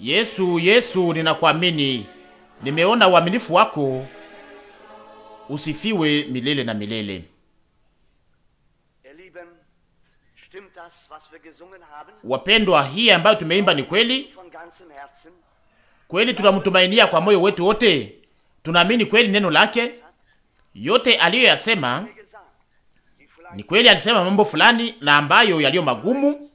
Yesu, Yesu, ninakuamini, nimeona uaminifu wako, usifiwe milele na milele. Wapendwa, hii ambayo tumeimba ni kweli kweli, tunamtumainia kwa moyo wetu wote, tunaamini kweli neno lake, yote aliyoyasema ni kweli. Alisema mambo fulani na ambayo yaliyo magumu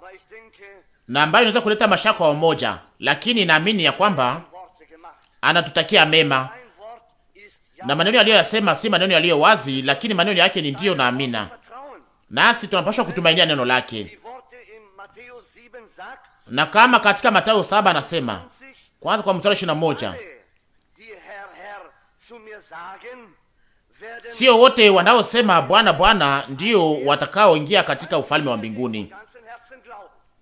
Uh, na ambayo inaweza kuleta mashaka wa umoja, lakini naamini ya kwamba anatutakia mema na maneno aliyoyasema si maneno yaliyo wazi, lakini maneno yake ni ndiyo na amina, nasi tunapaswa kutumainia neno lake. Na kama katika Mathayo saba anasema kwanza kwa mstari ishirini na moja sio wote wanaosema Bwana Bwana ndiyo watakaoingia katika ufalme wa mbinguni,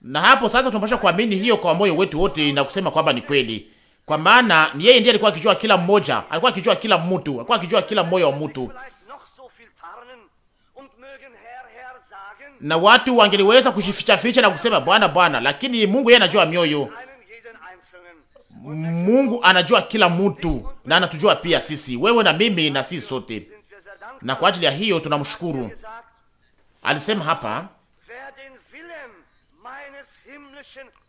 na hapo sasa tunapaswa kuamini hiyo kwa moyo wetu wote na kusema kwamba ni kweli, kwa maana ni yeye ndiye alikuwa akijua kila mmoja, alikuwa akijua kila mtu, alikuwa akijua kila moyo wa mtu. Na watu wangeliweza kujificha ficha na kusema Bwana, Bwana, lakini Mungu yeye anajua mioyo. Mungu anajua kila mtu na anatujua pia sisi, wewe na mimi na sisi sote, na kwa ajili ya hiyo tunamshukuru. Alisema hapa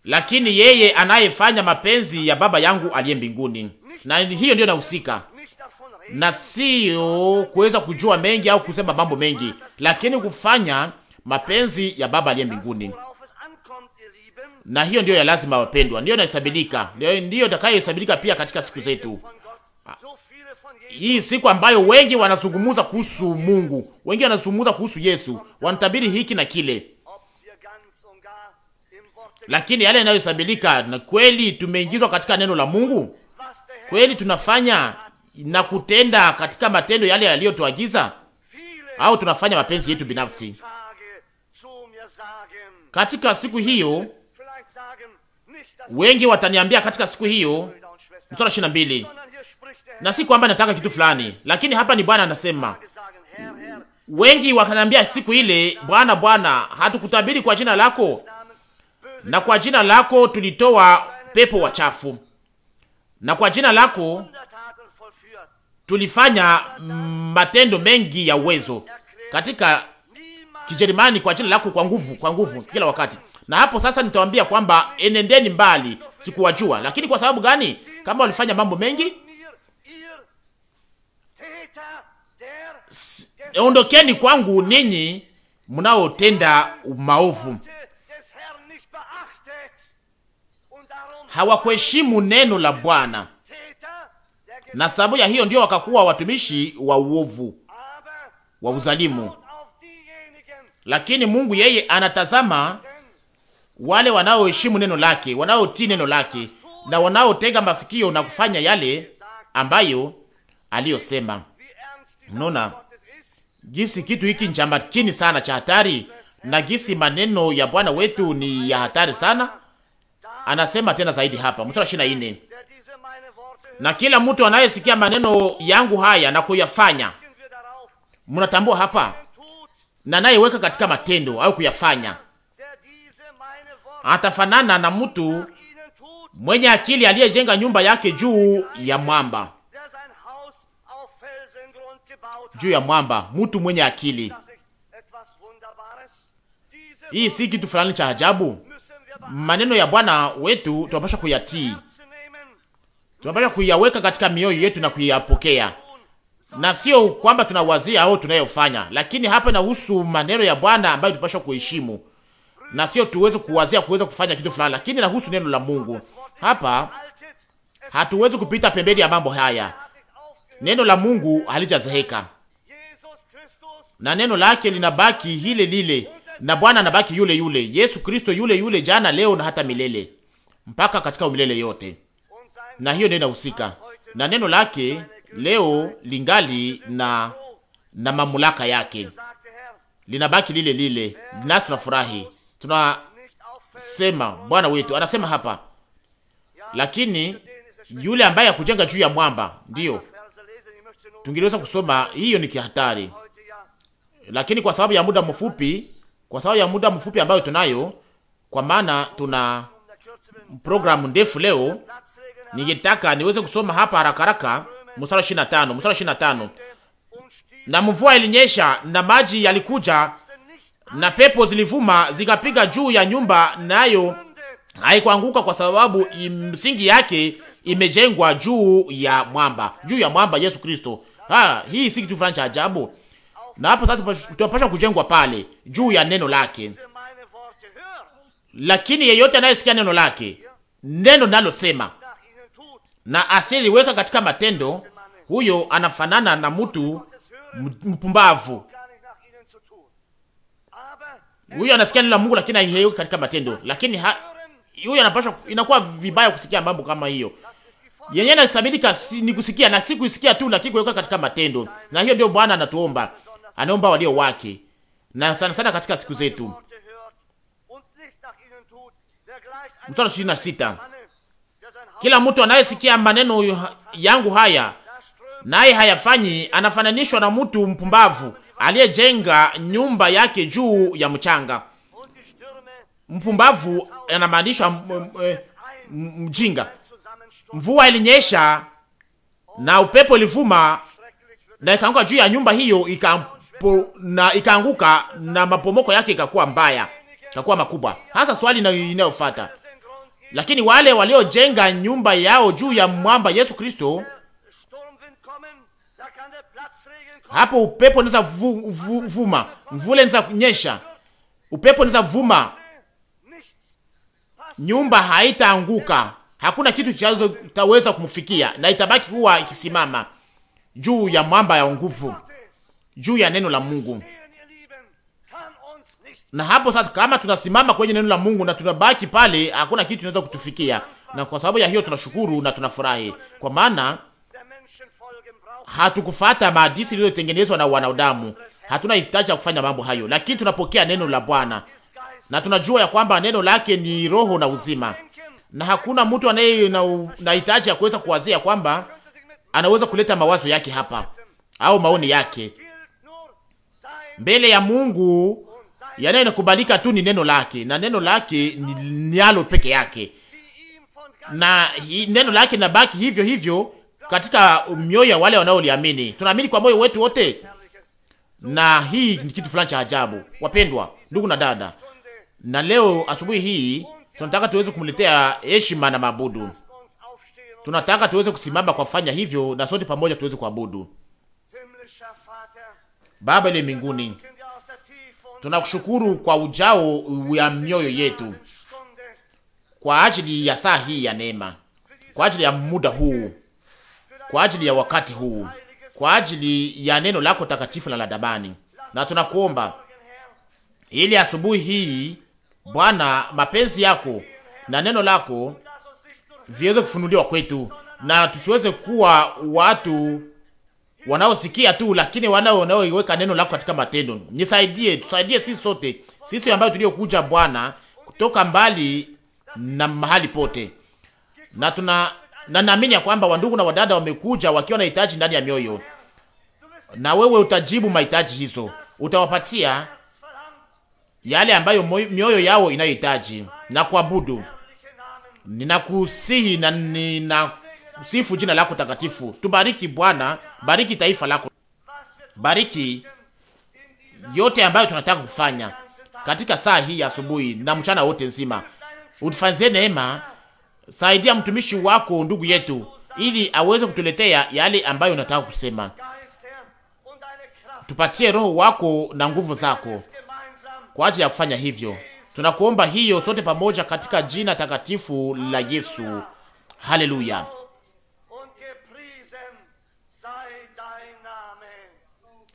lakini yeye anayefanya mapenzi ya Baba yangu aliye mbinguni, na hiyo ndiyo nahusika na sio kuweza kujua mengi au kusema mambo mengi, lakini kufanya mapenzi ya Baba aliye mbinguni, na hiyo ndiyo ya lazima, wapendwa, ndiyo inahesabika, ndiyo itakayohesabika pia katika siku zetu hii, siku ambayo wengi wanazungumza kuhusu Mungu, wengi wanazungumza kuhusu Yesu, wanatabiri hiki na kile lakini yale yanayohesabika na kweli, tumeingizwa katika neno la Mungu kweli, tunafanya na kutenda katika matendo yale yaliyotuagiza, au tunafanya mapenzi yetu binafsi katika siku hiyo. Wengi wataniambia katika siku hiyo, mstari ishirini na mbili, na si kwamba nataka kitu fulani, lakini hapa ni Bwana anasema wengi wakaniambia siku ile, Bwana Bwana, hatukutabiri kwa jina lako na kwa jina lako tulitoa pepo wachafu, na kwa jina lako tulifanya matendo mengi ya uwezo katika Kijerumani, kwa jina lako, kwa nguvu, kwa nguvu kila wakati. Na hapo sasa nitawaambia kwamba enendeni mbali, sikuwajua. Lakini kwa sababu gani? Kama walifanya mambo mengi, ondokeni kwangu ninyi mnaotenda maovu. hawakuheshimu neno la Bwana, na sababu ya hiyo ndio wakakuwa watumishi wa uovu wa uzalimu. Lakini Mungu yeye anatazama wale wanaoheshimu neno lake, wanaotii neno lake na wanaotega masikio na kufanya yale ambayo aliyosema. Unaona jinsi kitu hiki njambatkini sana cha hatari na jinsi maneno ya Bwana wetu ni ya hatari sana Anasema tena zaidi hapa mstari wa 24, uh, na kila mtu anayesikia maneno yangu haya na kuyafanya, mnatambua hapa, na anayeweka katika matendo au kuyafanya, uh, atafanana na mtu mwenye akili aliyejenga nyumba yake juu ya mwamba, juu ya mwamba. Mtu mwenye akili, hii si kitu fulani cha ajabu maneno ya Bwana wetu tunapaswa kuyatii, tunapaswa kuyaweka katika mioyo yetu na kuyapokea, na sio kwamba tunawazia au tunayofanya, lakini hapa inahusu maneno ya Bwana ambayo tunapaswa kuheshimu, na sio tuweze kuwazia kuweza kufanya kitu fulani, lakini inahusu neno la Mungu. Hapa hatuwezi kupita pembeni ya mambo haya. Neno la Mungu halijazeeka na neno lake linabaki hile lile na Bwana anabaki yule yule, Yesu Kristo yule yule, jana leo na hata milele, mpaka katika umilele yote. Na hiyo ndio inahusika na neno lake leo lingali na na mamlaka yake, linabaki lile lile, nasi tunafurahi, tunasema Bwana wetu anasema hapa, lakini yule ambaye akujenga juu ya mwamba, ndiyo tungeliweza kusoma hiyo. Ni kihatari, lakini kwa sababu ya muda mfupi kwa sababu ya muda mfupi ambayo tunayo, kwa maana tuna programu ndefu leo. Ningetaka niweze kusoma hapa haraka haraka mstari wa 25, mstari wa 25: na mvua ilinyesha na maji yalikuja na pepo zilivuma zikapiga juu ya nyumba, nayo haikuanguka kwa sababu msingi yake imejengwa juu ya mwamba, juu ya mwamba Yesu Kristo. Ha, ah, hii si kitu fulani cha ajabu na hapo sasa tunapasha kujengwa pale juu ya neno lake. Lakini yeyote anayesikia neno lake, neno nalosema na asiliweka katika matendo, huyo anafanana na mtu mpumbavu. Huyo anasikia neno la Mungu lakini haiweki katika matendo, lakini ha huyo anapaswa, inakuwa vibaya kusikia mambo kama hiyo yenyewe. Nasabirika si, ni kusikia na si kusikia tu, lakini kuweka katika matendo, na hiyo ndio Bwana anatuomba anaomba walio wake, na sana sana katika siku zetu. Mstari ishirini na sita kila mtu anayesikia maneno yangu haya naye hayafanyi, anafananishwa na mtu mpumbavu aliyejenga nyumba yake juu ya mchanga. Mpumbavu anamaanishwa mjinga. Mvua ilinyesha na upepo ilivuma na ikaanguka juu ya nyumba hiyo, po, na ikaanguka na mapomoko yake ikakuwa mbaya, ikakuwa makubwa. Hasa swali na inayofuata, lakini wale waliojenga nyumba yao juu ya mwamba Yesu Kristo, hapo upepo unaweza vu, vu, vuma, mvule unaweza nyesha, upepo unaweza vuma, nyumba haitaanguka, hakuna kitu kitaweza kumfikia, na itabaki kuwa ikisimama juu ya mwamba ya nguvu juu ya neno la Mungu. Na hapo sasa, kama tunasimama kwenye neno la Mungu na tunabaki pale, hakuna kitu kinaweza kutufikia, na kwa sababu ya hiyo tunashukuru na tunafurahi, kwa maana hatukufata maadisi iliyotengenezwa na wanadamu. Hatuna hitaji ya kufanya mambo hayo, lakini tunapokea neno la Bwana na tunajua ya kwamba neno lake ni roho na uzima, na hakuna mtu anaye na hitaji ya kuweza kuwazia kwamba anaweza kuleta mawazo yake hapa au maoni yake mbele ya Mungu yanayo yanayokubalika tu ni neno lake, na neno lake ni nialo peke yake, na neno lake na baki hivyo hivyo katika mioyo ya wale wanaoliamini. Tunaamini kwa moyo wetu wote, na hii ni kitu fulani cha ajabu. Wapendwa ndugu na dada, na leo asubuhi hii tunataka tuweze kumletea heshima na mabudu. Tunataka tuweze kusimama kwa kufanya hivyo, na sote pamoja tuweze kuabudu. Baba ile mbinguni, tunakushukuru kwa ujao wa mioyo yetu kwa ajili ya saa hii ya neema, kwa ajili ya muda huu, kwa ajili ya wakati huu, kwa ajili ya neno lako takatifu na la damani, na tunakuomba ili asubuhi hii Bwana, mapenzi yako na neno lako viweze kufunuliwa kwetu na tusiweze kuwa watu wanaosikia tu, lakini wanao wanaoiweka neno lako katika matendo. Nisaidie, tusaidie sisi sote, sisi ambao tuliokuja Bwana kutoka mbali na mahali pote, na tuna na naamini ya kwamba wandugu na wadada wamekuja wakiwa na hitaji ndani ya mioyo, na wewe utajibu mahitaji hizo, utawapatia yale ambayo mioyo yao inayohitaji na kuabudu. Ninakusihi na ninasifu jina lako takatifu. Tubariki Bwana bariki taifa lako, bariki yote ambayo tunataka kufanya katika saa hii ya asubuhi na mchana wote nzima. Utufanzie neema, saidia mtumishi wako ndugu yetu, ili aweze kutuletea yale ambayo unataka kusema. Tupatie roho wako na nguvu zako kwa ajili ya kufanya hivyo. Tunakuomba hiyo sote pamoja katika jina takatifu la Yesu. Haleluya.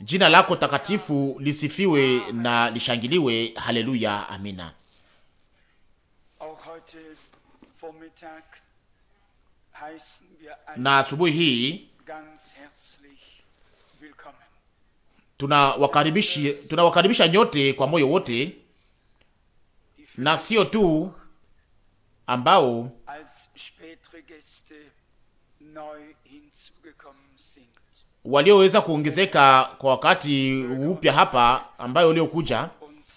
Jina lako takatifu lisifiwe na lishangiliwe. Haleluya, amina. Na asubuhi hii tunawakaribisha tunawakaribisha nyote kwa moyo wote, na sio tu ambao walioweza kuongezeka kwa wakati upya hapa ambayo uliokuja,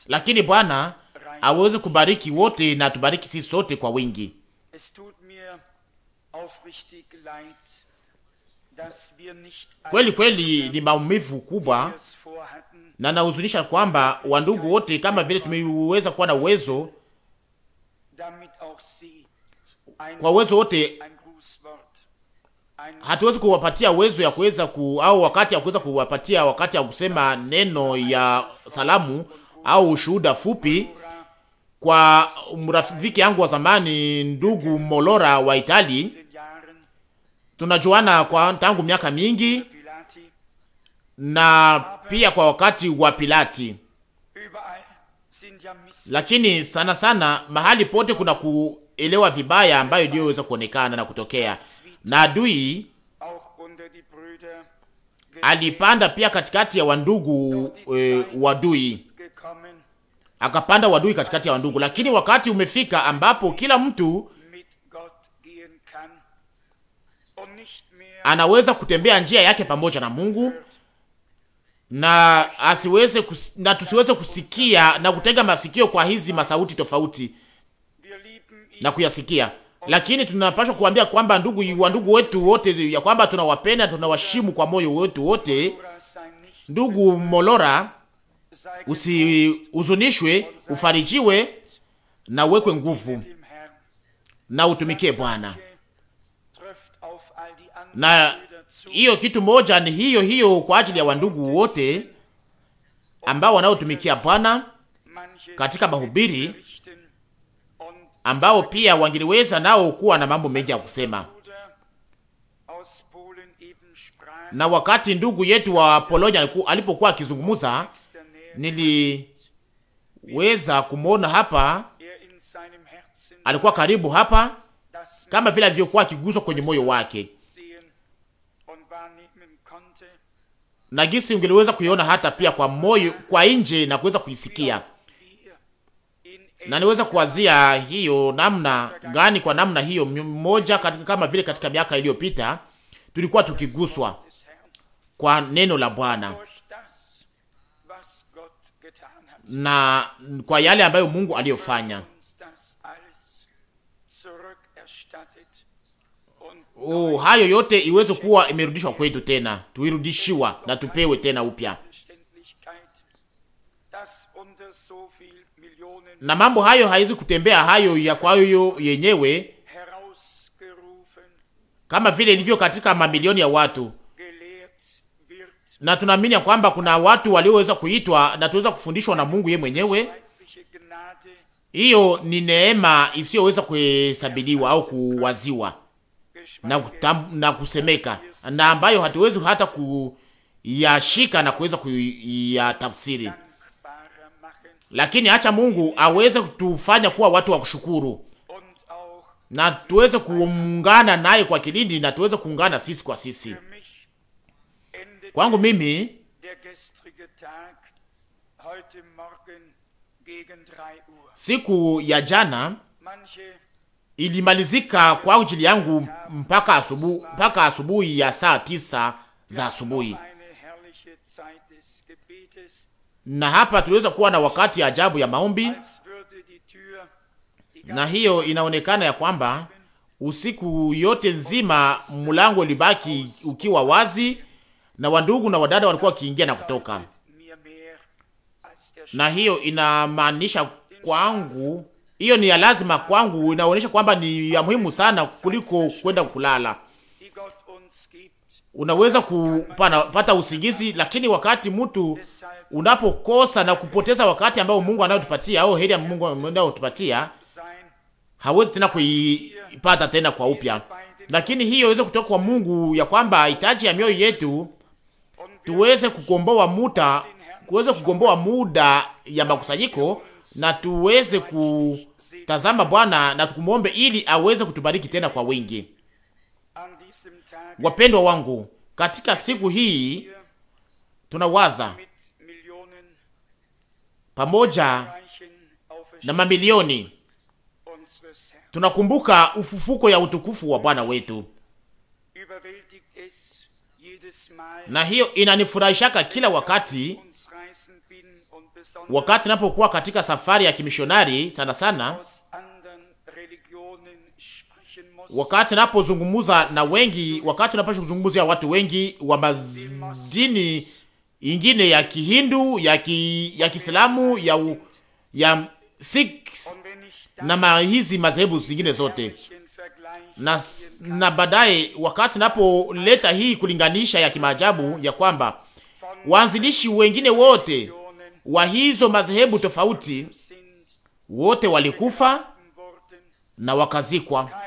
lakini Bwana aweze kubariki wote na tubariki sisi sote kwa wingi. Kweli kweli ni maumivu kubwa na nahuzunisha kwamba wandugu wote kama vile tumeweza kuwa na uwezo kwa uwezo wote hatuwezi kuwapatia uwezo ya kuweza ku au wakati ya kuweza kuwapatia wakati ya kusema neno ya salamu au ushuhuda fupi kwa mrafiki yangu wa zamani ndugu Molora wa Itali. Tunajuana kwa tangu miaka mingi na pia kwa wakati wa Pilati, lakini sana sana mahali pote kuna kuelewa vibaya ambayo iliyoweza kuonekana na kutokea na adui alipanda pia katikati ya wandugu e, wadui akapanda wadui katikati ya wandugu, lakini wakati umefika ambapo kila mtu anaweza kutembea njia yake pamoja na Mungu na asiweze kus, na tusiweze kusikia na kutega masikio kwa hizi masauti tofauti na kuyasikia lakini tunapashwa kuambia kwamba ndugu wa ndugu wetu wote ya kwamba tunawapenda, tunawashimu kwa moyo wetu wote. Ndugu Molora, usihuzunishwe, ufarijiwe na uwekwe nguvu na utumikie Bwana. Na hiyo kitu moja ni hiyo hiyo kwa ajili ya wandugu wote ambao wanaotumikia Bwana katika mahubiri ambao pia wangeliweza nao kuwa na mambo mengi ya kusema. Na wakati ndugu yetu wa Polonia alipokuwa akizungumza, niliweza kumwona hapa, alikuwa karibu hapa, kama vile alivyokuwa akiguswa kwenye moyo wake na gisi ungeliweza kuiona hata pia kwa moyo kwa nje na kuweza kuisikia na niweza kuwazia hiyo namna gani, kwa namna hiyo mmoja katika, kama vile katika miaka iliyopita tulikuwa tukiguswa kwa neno la Bwana na kwa yale ambayo Mungu aliyofanya. Oh, hayo yote iweze kuwa imerudishwa kwetu tena, tuirudishiwa na tupewe tena upya. na mambo hayo haizi kutembea hayo ya kwayo yenyewe, kama vile ilivyo katika mamilioni ya watu, na tunaamini ya kwamba kuna watu walioweza kuitwa na tuweza kufundishwa na Mungu ye mwenyewe. Hiyo ni neema isiyoweza kuhesabiliwa au kuwaziwa na, kutam, na kusemeka na ambayo hatuwezi hata kuyashika na kuweza kuyatafsiri lakini acha Mungu aweze kutufanya kuwa watu wa kushukuru na tuweze kuungana naye kwa kilindi na tuweze kuungana sisi kwa sisi. Kwangu mimi siku ya jana ilimalizika kwa ajili yangu mpaka asubuhi, mpaka asubuhi ya saa tisa za asubuhi na hapa tuliweza kuwa na wakati ajabu ya maombi, na hiyo inaonekana ya kwamba usiku yote nzima mlango ulibaki ukiwa wazi, na wandugu na wadada walikuwa wakiingia na kutoka, na hiyo inamaanisha kwangu, hiyo ni ya lazima kwangu, inaonyesha kwamba ni ya muhimu sana kuliko kwenda kulala unaweza kupata usingizi, lakini wakati mtu unapokosa na kupoteza wakati ambao Mungu anayotupatia au heri ya Mungu anayotupatia hawezi tena kuipata tena kwa upya, lakini hiyo iweze kutoka kwa Mungu ya kwamba hitaji ya mioyo yetu tuweze kugomboa muda, kuweze kugomboa muda ya makusanyiko na tuweze kutazama Bwana na tukumwombe ili aweze kutubariki tena kwa wingi. Wapendwa wangu, katika siku hii tunawaza pamoja na mamilioni, tunakumbuka ufufuko ya utukufu wa Bwana wetu, na hiyo inanifurahishaka kila wakati wakati napokuwa katika safari ya kimishonari sana sana wakati napozungumza na wengi, wakati napasha kuzungumzia watu wengi wa madini ingine ya Kihindu, ya ki, ya Kiislamu, ya u, ya Sikh na ma hizi madhehebu zingine zote na, na baadaye wakati napoleta hii kulinganisha ya kimaajabu ya kwamba waanzilishi wengine wote wa hizo madhehebu tofauti wote walikufa na wakazikwa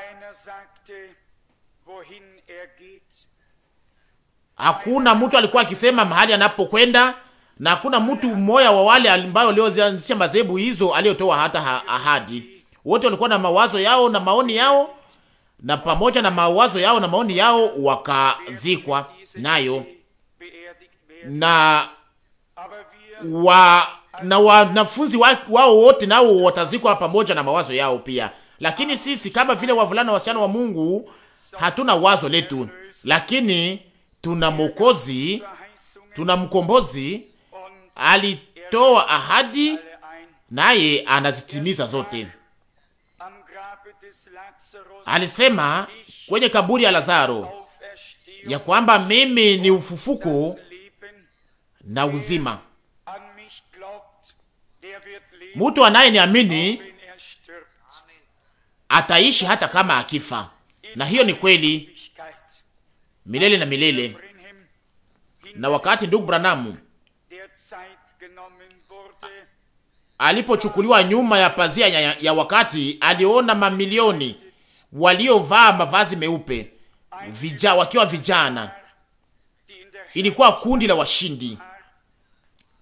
Hakuna mtu alikuwa akisema mahali anapokwenda, na hakuna mtu mmoja wa wale ambao walioanzisha madhehebu hizo aliyotoa hata ha ahadi. Wote walikuwa na mawazo yao na maoni yao, na pamoja na mawazo yao na maoni yao wakazikwa nayo na wa na wanafunzi wa, wao wote nao watazikwa pamoja na mawazo yao pia. Lakini sisi kama vile wavulana wasichana wa Mungu hatuna wazo letu, lakini tuna Mwokozi, tuna mkombozi. Alitoa ahadi naye anazitimiza zote. Alisema kwenye kaburi ya Lazaro ya kwamba mimi ni ufufuko na uzima, mtu anayeniamini ataishi hata kama akifa. Na hiyo ni kweli, milele na milele. Na wakati ndugu Branamu alipochukuliwa nyuma ya pazia ya, ya wakati, aliona mamilioni waliovaa mavazi meupe vija, wakiwa vijana. Ilikuwa kundi la washindi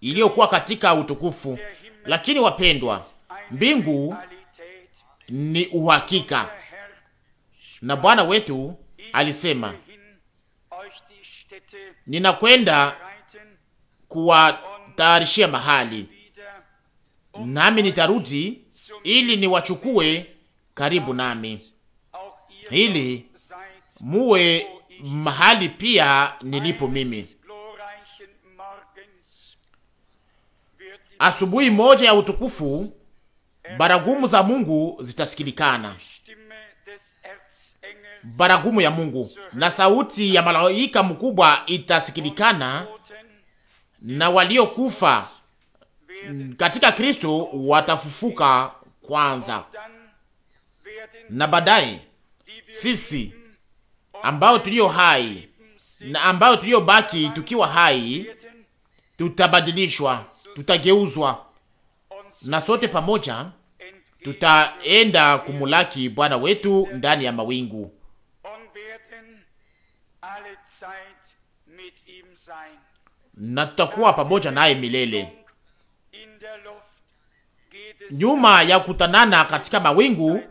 iliyokuwa katika utukufu. Lakini wapendwa, mbingu ni uhakika, na Bwana wetu alisema ninakwenda kuwatayarishia mahali, nami nitarudi ili niwachukue karibu nami, ili muwe mahali pia nilipo mimi. Asubuhi moja ya utukufu, baragumu za Mungu zitasikilikana baragumu ya Mungu na sauti ya malaika mkubwa itasikilikana, na waliokufa katika Kristo watafufuka kwanza, na baadaye sisi ambao tulio hai na ambao baki tukiwa hai tutabadilishwa, tutageuzwa, na sote pamoja tutaenda kumulaki Bwana wetu ndani ya mawingu. na tutakuwa pamoja naye milele. Nyuma ya kutanana katika mawingu,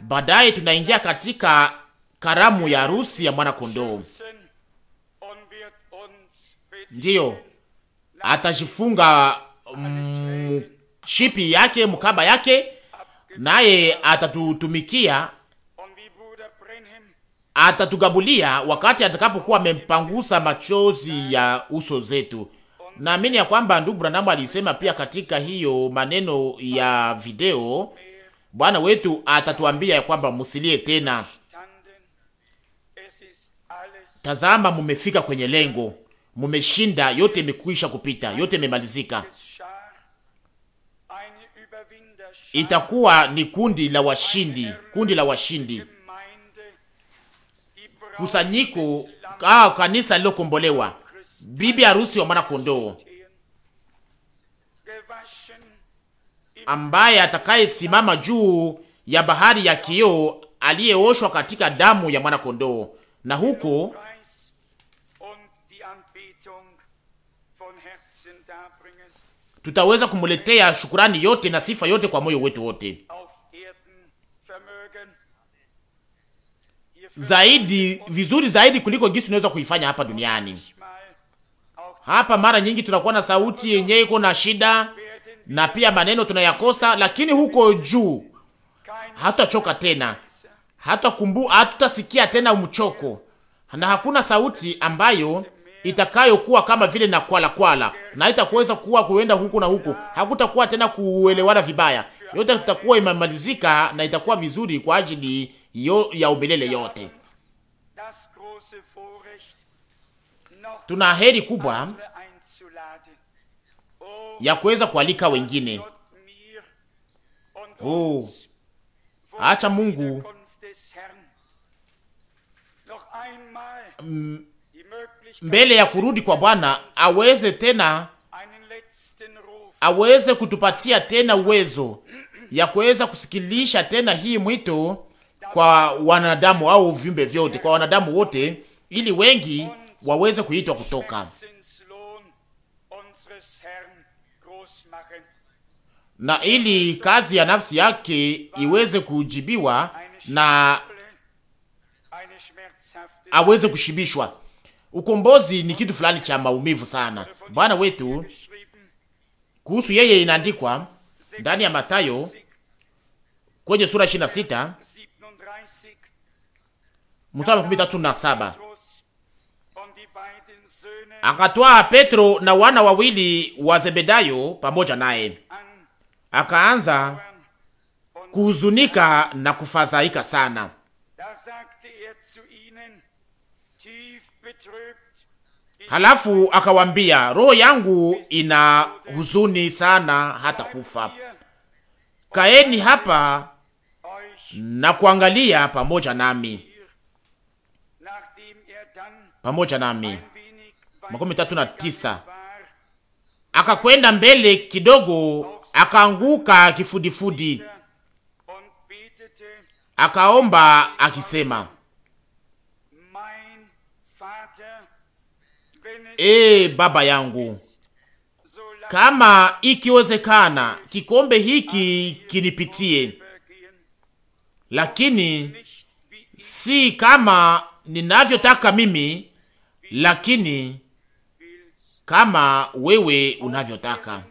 baadaye tunaingia katika karamu ya harusi ya mwana kondoo. Ndiyo atajifunga mshipi mm, yake mkaba yake, naye atatutumikia atatugabulia wakati atakapokuwa amempangusa machozi ya uso zetu. Naamini ya kwamba ndugu Branamu alisema pia katika hiyo maneno ya video, Bwana wetu atatuambia ya kwamba musilie tena, tazama, mumefika kwenye lengo, mumeshinda, yote imekwisha kupita, yote imemalizika. Itakuwa ni kundi la washindi, kundi la washindi kusanyiko au kanisa lilokombolewa, bibi harusi wa mwana kondoo, ambaye atakayesimama juu ya bahari ya kioo, aliyeoshwa katika damu ya mwana kondoo, na huko tutaweza kumletea shukurani yote na sifa yote kwa moyo wetu wote. zaidi vizuri zaidi kuliko jinsi unaweza kuifanya hapa duniani. Hapa mara nyingi tunakuwa na sauti yenye iko na shida na pia maneno tunayakosa, lakini huko juu hatutachoka tena, hatakumbu hatutasikia tena umchoko, na hakuna sauti ambayo itakayokuwa kama vile na kwala kwala, na itakuweza kuwa kuenda huku na huku, hakutakuwa tena kuelewana vibaya. Yote tutakuwa imemalizika na itakuwa vizuri kwa ajili yo, ya umilele yote. Tuna heri kubwa ya kuweza kualika wengine. Oh, acha Mungu mbele ya kurudi kwa Bwana aweze tena aweze kutupatia tena uwezo ya kuweza kusikilisha tena hii mwito kwa wanadamu au viumbe vyote, kwa wanadamu wote, ili wengi waweze kuitwa kutoka na ili kazi ya nafsi yake iweze kujibiwa na aweze kushibishwa. Ukombozi ni kitu fulani cha maumivu sana. Bwana wetu kuhusu yeye inaandikwa ndani ya Mathayo kwenye sura mstari wa makumi tatu na saba akatwaa Petro na wana wawili wa Zebedayo pamoja naye, akaanza kuhuzunika na kufadhaika sana. Halafu akawambia, roho yangu ina huzuni sana hata kufa. Kaeni hapa na kuangalia pamoja nami pamoja nami. Makumi tatu na tisa. Akakwenda mbele kidogo, akaanguka kifudifudi, akaomba akisema, E Baba yangu, kama ikiwezekana, kikombe hiki kinipitie, lakini si kama ninavyotaka mimi lakini kama wewe unavyotaka.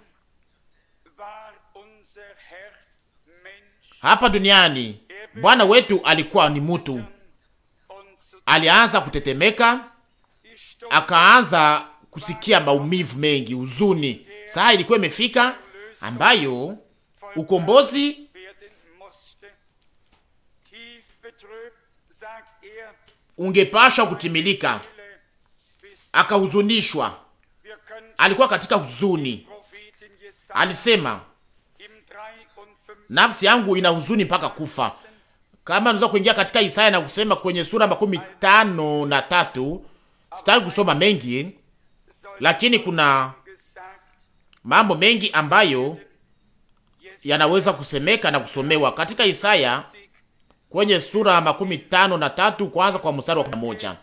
Hapa duniani Bwana wetu alikuwa ni mutu alianza kutetemeka, akaanza kusikia maumivu mengi, huzuni. Saa ilikuwa imefika ambayo ukombozi ungepasha kutimilika akahuzunishwa, alikuwa katika huzuni. Alisema, nafsi yangu ina huzuni mpaka kufa. Kama naweza kuingia katika Isaya na kusema kwenye sura makumi tano na tatu, sitaki kusoma mengi, lakini kuna mambo mengi ambayo yanaweza kusemeka na kusomewa katika Isaya kwenye sura makumi tano na tatu kwanza kwa mstari wa moja.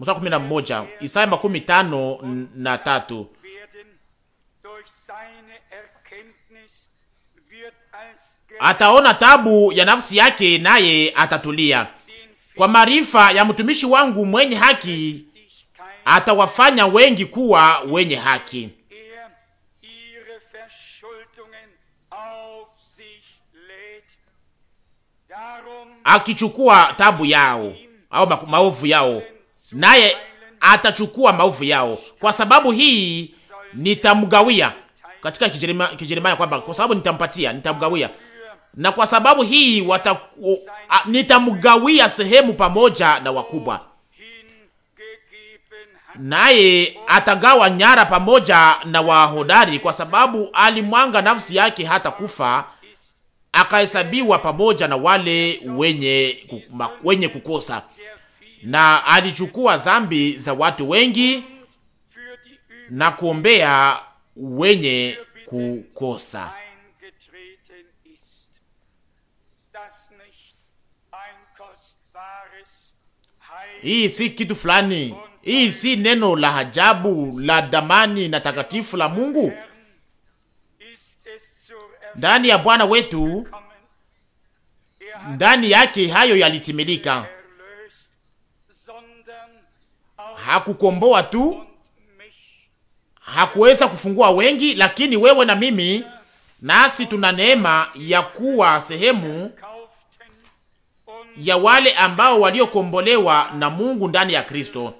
Musa kumi na mmoja Isaya makumi tano na tatu ataona tabu ya nafsi yake, naye atatulia. Kwa maarifa ya mtumishi wangu mwenye haki atawafanya wengi kuwa wenye haki. Akichukua tabu yao au maovu yao naye atachukua maovu yao, kwa sababu hii nitamgawia katika Kijerumani kwamba kwa sababu nitampatia, nitamgawia na kwa sababu hii wata, nitamgawia sehemu pamoja na wakubwa, naye atagawa nyara pamoja na wahodari, kwa sababu alimwanga nafsi yake hata kufa, akahesabiwa pamoja na wale wenye wenye kukosa na alichukua zambi za watu wengi na kuombea wenye kukosa. Hii si kitu fulani, hii si neno la ajabu la damani na takatifu la Mungu. Ndani ya Bwana wetu, ndani yake hayo yalitimilika hakukomboa tu, hakuweza kufungua wengi, lakini wewe na mimi nasi tuna neema ya kuwa sehemu ya wale ambao waliokombolewa na Mungu ndani ya Kristo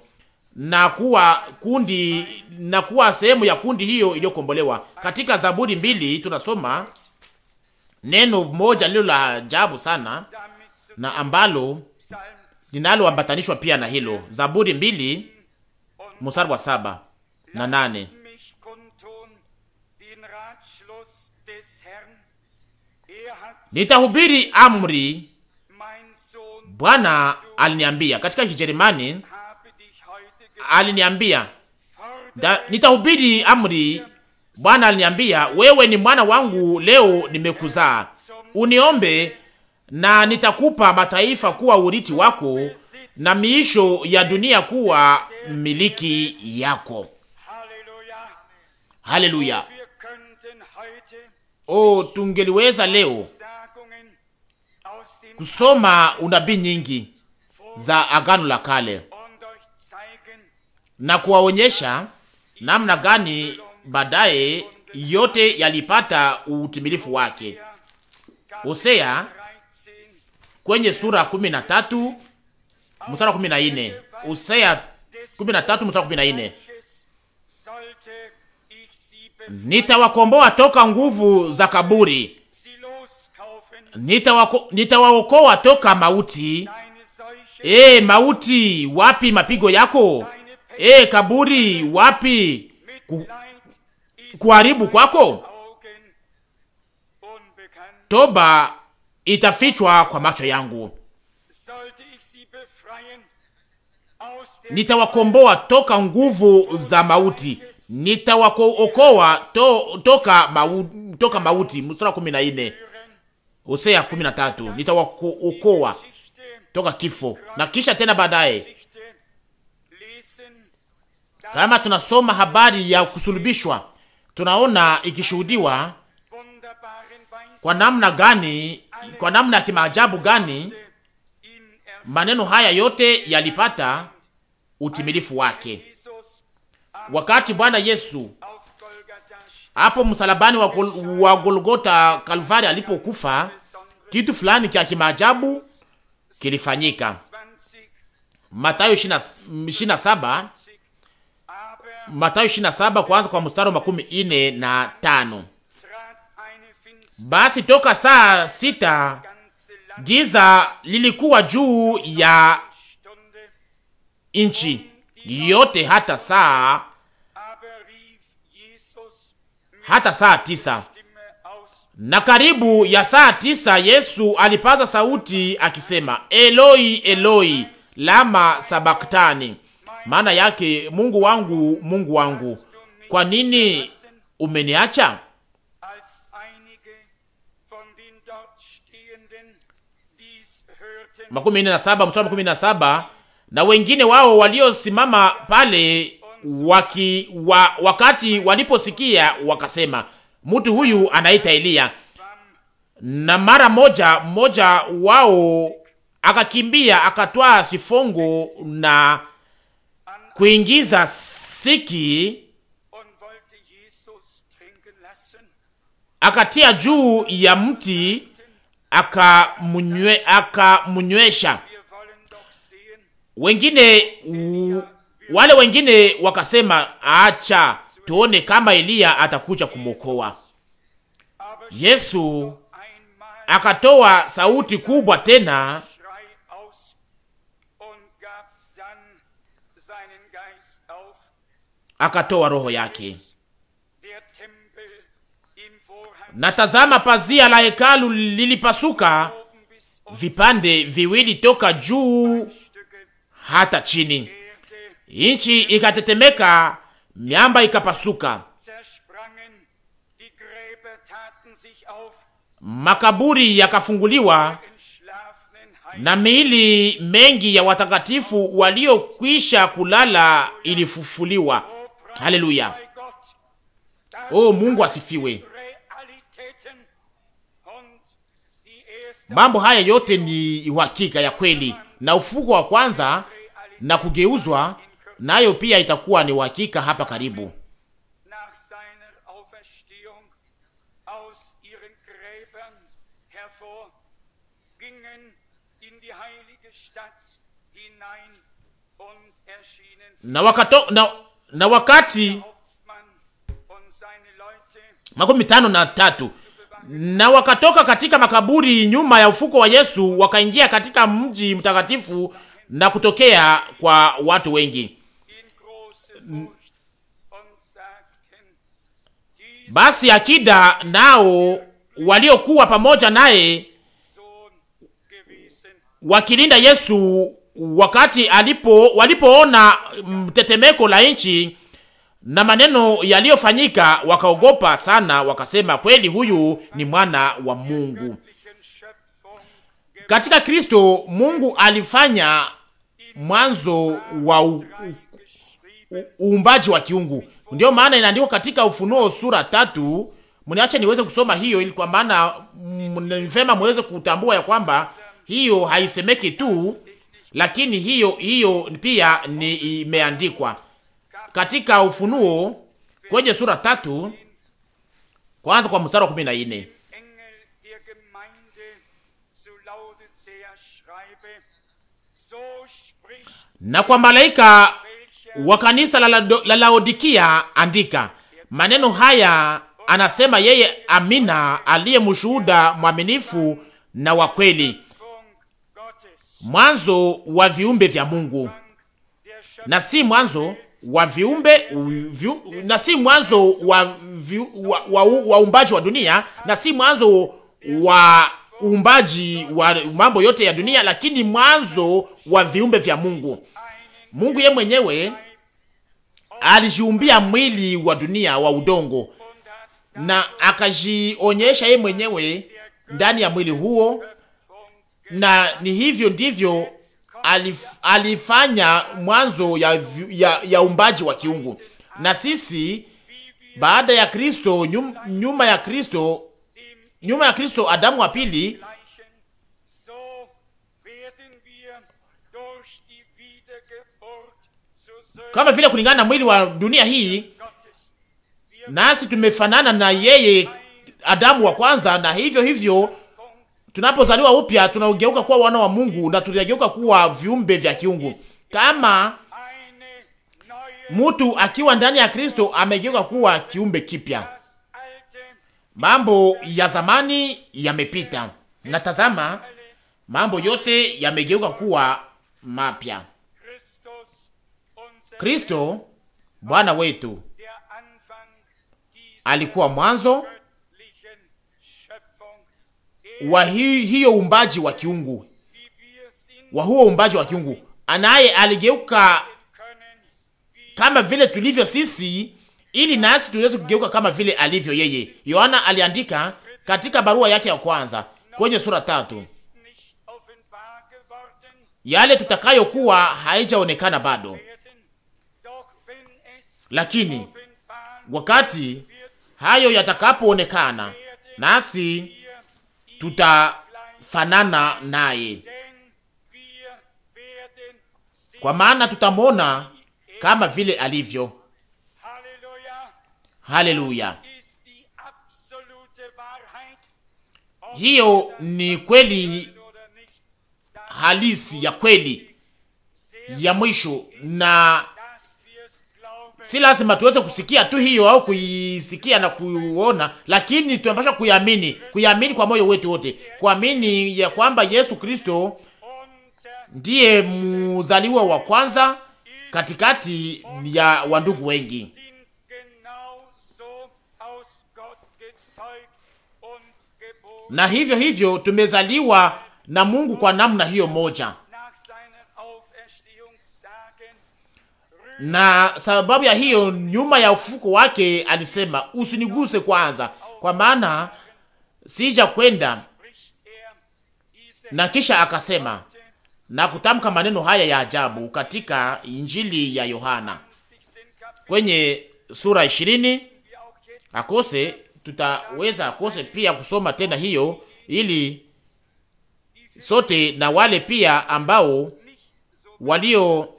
na kuwa kundi na kuwa sehemu ya kundi hiyo iliyokombolewa. Katika Zaburi mbili tunasoma neno moja lilo la ajabu sana na ambalo linaloambatanishwa pia na hilo. Zaburi mbili mstari wa saba na nane er nitahubiri amri Bwana aliniambia. Katika Kijerumani aliniambia, nitahubiri amri Bwana aliniambia, wewe ni mwana wangu, leo nimekuzaa. Uniombe na nitakupa mataifa kuwa urithi wako na miisho ya dunia kuwa miliki yako. Haleluya! Oh, tungeliweza leo kusoma unabii nyingi za Agano la Kale na kuwaonyesha namna gani baadaye yote yalipata utimilifu wake. Hosea kwenye sura kumi na tatu mstari kumi na nne Hosea kumi na tatu mstari kumi na nne nitawakomboa toka nguvu za kaburi, nitawaokoa nita toka mauti. E mauti, wapi mapigo yako? E kaburi, wapi ku, kuharibu kwako? Toba itafichwa kwa macho yangu. Nitawakomboa toka nguvu za mauti, nitawaokoa to, toka, mau, toka mauti. Mstari kumi na nne Hosea kumi na tatu nitawaokoa toka kifo. Na kisha tena baadaye, kama tunasoma habari ya kusulubishwa, tunaona ikishuhudiwa kwa namna gani kwa namna ya kimaajabu gani maneno haya yote yalipata utimilifu wake wakati Bwana Yesu hapo msalabani wa, Gol, wa Golgota Kalvari alipokufa, kitu fulani cha kimaajabu kilifanyika. Mathayo 27 Mathayo 27 kuanza kwa mstari wa makumi ine na tano. Basi toka saa sita giza lilikuwa juu ya nchi yote hata saa hata saa tisa na karibu ya saa tisa Yesu alipaza sauti akisema, Eloi Eloi lama sabaktani, maana yake Mungu wangu Mungu wangu, kwa nini umeniacha? makumi nne na saba mstari makumi na saba na wengine wao waliosimama pale waki, wa, wakati waliposikia wakasema, mtu huyu anaita Eliya. Na mara moja mmoja wao akakimbia akatwaa sifongo na kuingiza siki akatia juu ya mti akamunywesha munywe, aka wengine u, wale wengine wakasema, acha tuone kama Eliya atakuja kumwokoa Yesu. Akatoa sauti kubwa tena akatoa roho yake natazama pazia la hekalu lilipasuka vipande viwili toka juu hata chini, nchi ikatetemeka, miamba ikapasuka, makaburi yakafunguliwa na miili mengi ya watakatifu waliokwisha kulala ilifufuliwa. Haleluya! Oh, Mungu asifiwe. Mambo haya yote ni uhakika ya kweli, na ufuko wa kwanza na kugeuzwa nayo pia itakuwa ni uhakika hapa karibu. Na, wakato, na, na wakati makumi tano na tatu na wakatoka katika makaburi nyuma ya ufuko wa Yesu, wakaingia katika mji mtakatifu na kutokea kwa watu wengi. Basi akida nao waliokuwa pamoja naye wakilinda Yesu wakati alipo walipoona mtetemeko la nchi na maneno yaliyofanyika, wakaogopa sana, wakasema kweli huyu ni mwana wa Mungu. Katika Kristo Mungu alifanya mwanzo wa uumbaji wa kiungu. ndio maana inaandikwa katika Ufunuo sura tatu. Mniache niweze kusoma hiyo, ili kwa maana ni vema muweze kutambua ya kwamba hiyo haisemeki tu, lakini hiyo hiyo pia ni imeandikwa katika Ufunuo kwenye sura tatu kwanza kwa mstari wa kumi na nne er na kwa malaika wa kanisa la Laodikia andika maneno haya, anasema yeye Amina, aliye mshuhuda mwaminifu na wa kweli, mwanzo wa viumbe vya Mungu na si mwanzo wa viumbe viu, na si mwanzo wa waumbaji wa, wa, wa dunia na si mwanzo wa uumbaji wa mambo yote ya dunia, lakini mwanzo wa viumbe vya Mungu. Mungu ye mwenyewe alijiumbia mwili wa dunia wa udongo na akajionyesha ye mwenyewe ndani ya mwili huo, na ni hivyo ndivyo alif, alifanya mwanzo ya, ya, ya umbaji wa kiungu, na sisi baada ya Kristo nyum, nyuma ya Kristo nyuma ya Kristo Adamu wa pili kama vile kulingana na mwili wa dunia hii, nasi tumefanana na yeye Adamu wa kwanza, na hivyo hivyo tunapozaliwa upya tunaogeuka kuwa wana wa Mungu na tunageuka kuwa viumbe vya kiungu. Kama mtu akiwa ndani ya Kristo amegeuka kuwa kiumbe kipya, mambo ya zamani yamepita, na tazama, mambo yote yamegeuka kuwa mapya. Kristo Bwana wetu alikuwa mwanzo wa hi, hiyo umbaji wa kiungu wa huo umbaji wa kiungu, anaye aligeuka kama vile tulivyo sisi, ili nasi tuweze kugeuka kama vile alivyo yeye. Yohana aliandika katika barua yake ya kwanza kwenye sura tatu yale tutakayokuwa haijaonekana bado, lakini wakati hayo yatakapoonekana nasi tutafanana naye, kwa maana tutamwona kama vile alivyo. Haleluya! Hiyo ni kweli halisi ya kweli ya mwisho na Si lazima tuweze kusikia tu hiyo au kuisikia na kuona, lakini tunapaswa kuiamini, kuiamini kwa moyo wetu wote, kuamini ya kwamba Yesu Kristo ndiye mzaliwa wa kwanza katikati ya wandugu wengi. Na hivyo hivyo tumezaliwa na Mungu kwa namna hiyo moja. na sababu ya hiyo, nyuma ya ufuko wake alisema, usiniguse kwanza, kwa maana sija kwenda. Na kisha akasema na kutamka maneno haya ya ajabu katika Injili ya Yohana kwenye sura ishirini. Akose tutaweza akose pia kusoma tena hiyo, ili sote na wale pia ambao walio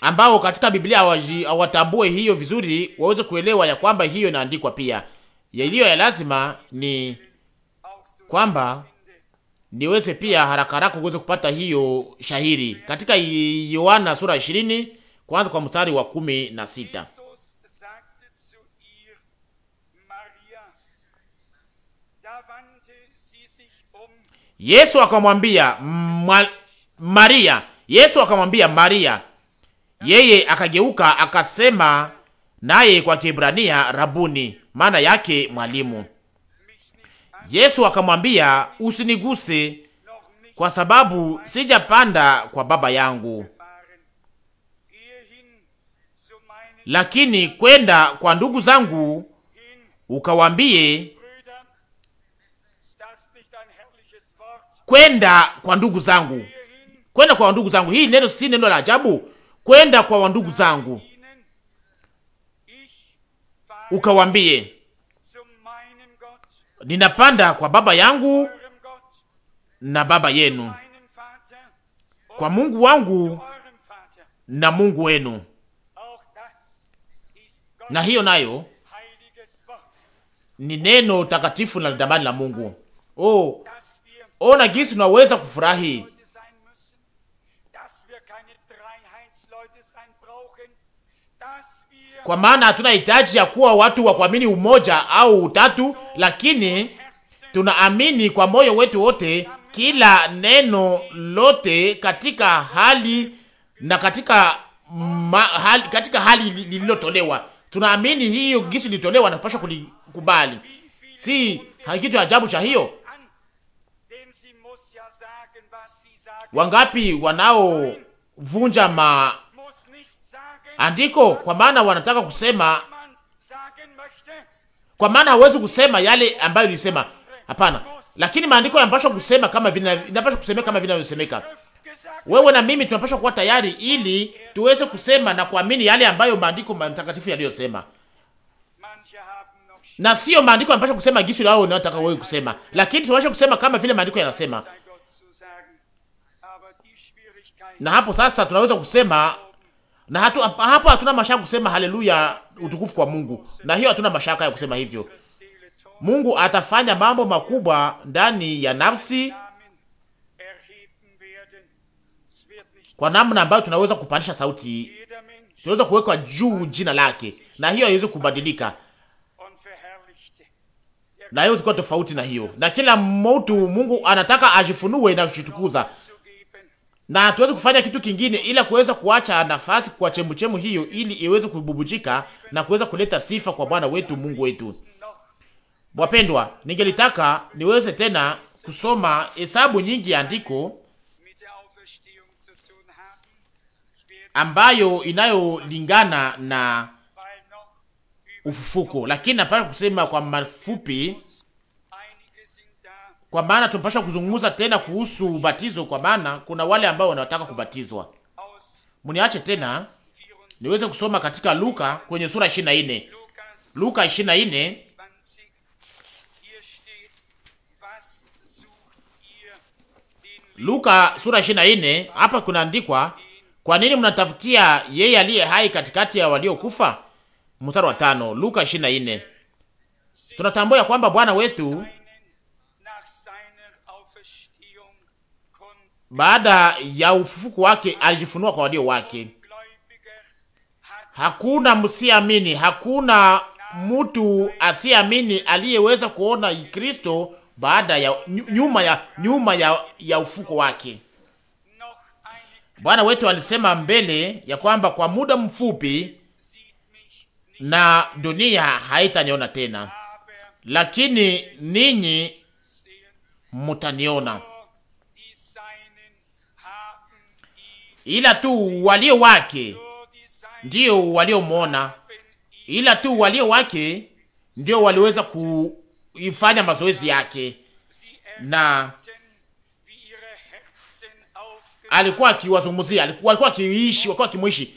ambao katika Biblia hawatambue hiyo vizuri, waweze kuelewa ya kwamba hiyo inaandikwa pia. Yaliyo ya lazima ni kwamba niweze pia haraka haraka uweze kupata hiyo shahiri katika Yohana sura 20 kwanza kwa mstari wa kumi na sita. Yesu akamwambia Maria, Yesu akamwambia Maria, yeye akageuka akasema naye kwa Kiebrania rabuni, maana yake mwalimu. Yesu akamwambia, usiniguse kwa sababu sijapanda kwa Baba yangu, lakini kwenda kwa ndugu zangu ukawambie kwenda kwa ndugu zangu, kwenda kwa ndugu zangu. Hii neno si neno la ajabu kwenda kwa wandugu zangu ukawambie, ninapanda kwa baba yangu na baba yenu, kwa Mungu wangu na Mungu wenu. Na hiyo nayo ni neno takatifu na damani la Mungu. Oh, ona gisi unaweza kufurahi kwa maana hatuna hitaji ya kuwa watu wa kuamini umoja au utatu, lakini tunaamini kwa moyo wetu wote kila neno lote katika hali na katika ma, hali, katika hali lililotolewa. Tunaamini hiyo gisi lilitolewa na kulikubali, si kitu ajabu cha hiyo. Wangapi wanaovunja ma andiko, kwa maana wanataka kusema, kwa maana hawezi kusema yale ambayo ilisema, hapana, lakini maandiko yanapaswa kusema kama vina inapaswa kusema kama vile yanavyosemeka. Wewe na mimi tunapaswa kuwa tayari ili tuweze kusema na kuamini yale ambayo maandiko matakatifu yaliyosema, na sio maandiko yanapaswa kusema gisi lao unayotaka wewe kusema, lakini tunapaswa kusema kama vile maandiko yanasema, na hapo sasa tunaweza kusema na hatu, hapo hatuna mashaka kusema haleluya, utukufu kwa Mungu. Na hiyo hatuna mashaka ya kusema hivyo. Mungu atafanya mambo makubwa ndani ya nafsi kwa namna ambayo tunaweza kupandisha sauti, tunaweza kuwekwa juu jina lake, na hiyo haiwezi kubadilika, na hiyo zikuwa tofauti na hiyo, na kila mtu Mungu anataka ajifunue na kushitukuza na hatuwezi kufanya kitu kingine ila kuweza kuacha nafasi kwa chemuchemu hiyo, ili iweze kububujika na kuweza kuleta sifa kwa Bwana wetu Mungu wetu. Wapendwa, ningelitaka niweze tena kusoma hesabu nyingi ya andiko ambayo inayolingana na ufufuko, lakini napaka kusema kwa mafupi kwa maana tunapaswa kuzungumza tena kuhusu ubatizo, kwa maana kuna wale ambao wanataka kubatizwa. Mniache tena niweze kusoma katika Luka kwenye sura 24, Luka 24 Luka sura 24. Hapa kunaandikwa kwa nini mnatafutia yeye aliye hai katikati ya waliokufa? Mstari wa tano, Luka 24. Tunatambua kwamba Bwana wetu baada ya ufufuku wake alijifunua kwa walio wake. Hakuna msiamini, hakuna mtu asiamini aliyeweza kuona Kristo baada ya nyuma ya nyuma ya, ya ufuko wake. Bwana wetu alisema mbele ya kwamba kwa muda mfupi na dunia haitaniona tena, lakini ninyi mutaniona. ila tu walio wake ndio waliomwona, ila tu walio wake ndio waliweza kuifanya mazoezi yake, na alikuwa akiwazungumzia, walikuwa akiishi, walikuwa akimuishi,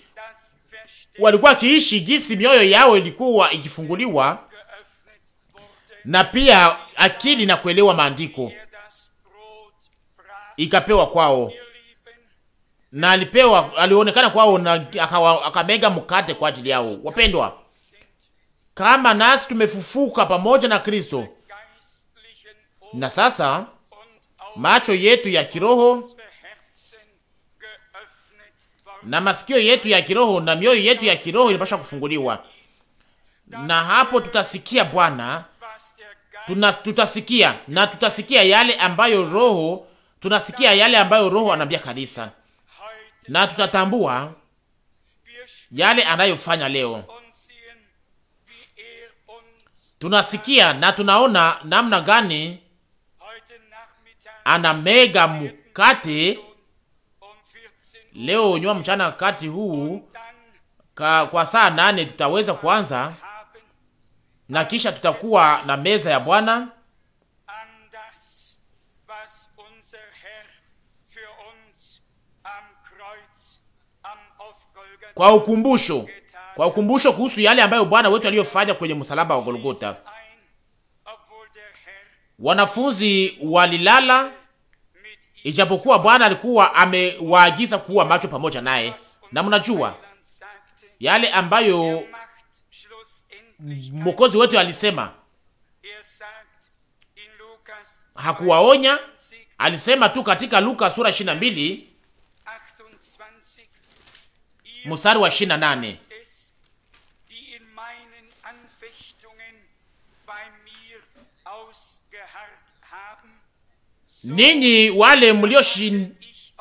walikuwa akiishi jinsi mioyo yao ilikuwa ikifunguliwa, na pia akili na kuelewa maandiko ikapewa kwao na alipewa, alionekana kwao na akamega mkate kwa ajili yao. Wapendwa, kama nasi tumefufuka pamoja na Kristo, na sasa macho yetu ya kiroho na masikio yetu ya kiroho na mioyo yetu ya kiroho inapaswa kufunguliwa, na hapo tutasikia Bwana tuna, tutasikia na tutasikia yale ambayo roho tunasikia yale ambayo roho anaambia kanisa na tutatambua yale anayofanya leo. Tunasikia na tunaona namna gani anamega mkate leo nyuma mchana, kati huu ka, kwa saa nane tutaweza kuanza na kisha tutakuwa na meza ya Bwana kwa ukumbusho, kwa ukumbusho kuhusu yale ambayo Bwana wetu aliyofanya kwenye msalaba wa Golgota. Wanafunzi walilala ijapokuwa Bwana alikuwa amewaagiza kuwa macho pamoja naye, na mnajua yale ambayo Mwokozi wetu alisema, hakuwaonya, alisema tu katika Luka sura 22 mstari wa ishirini na nane ninyi wale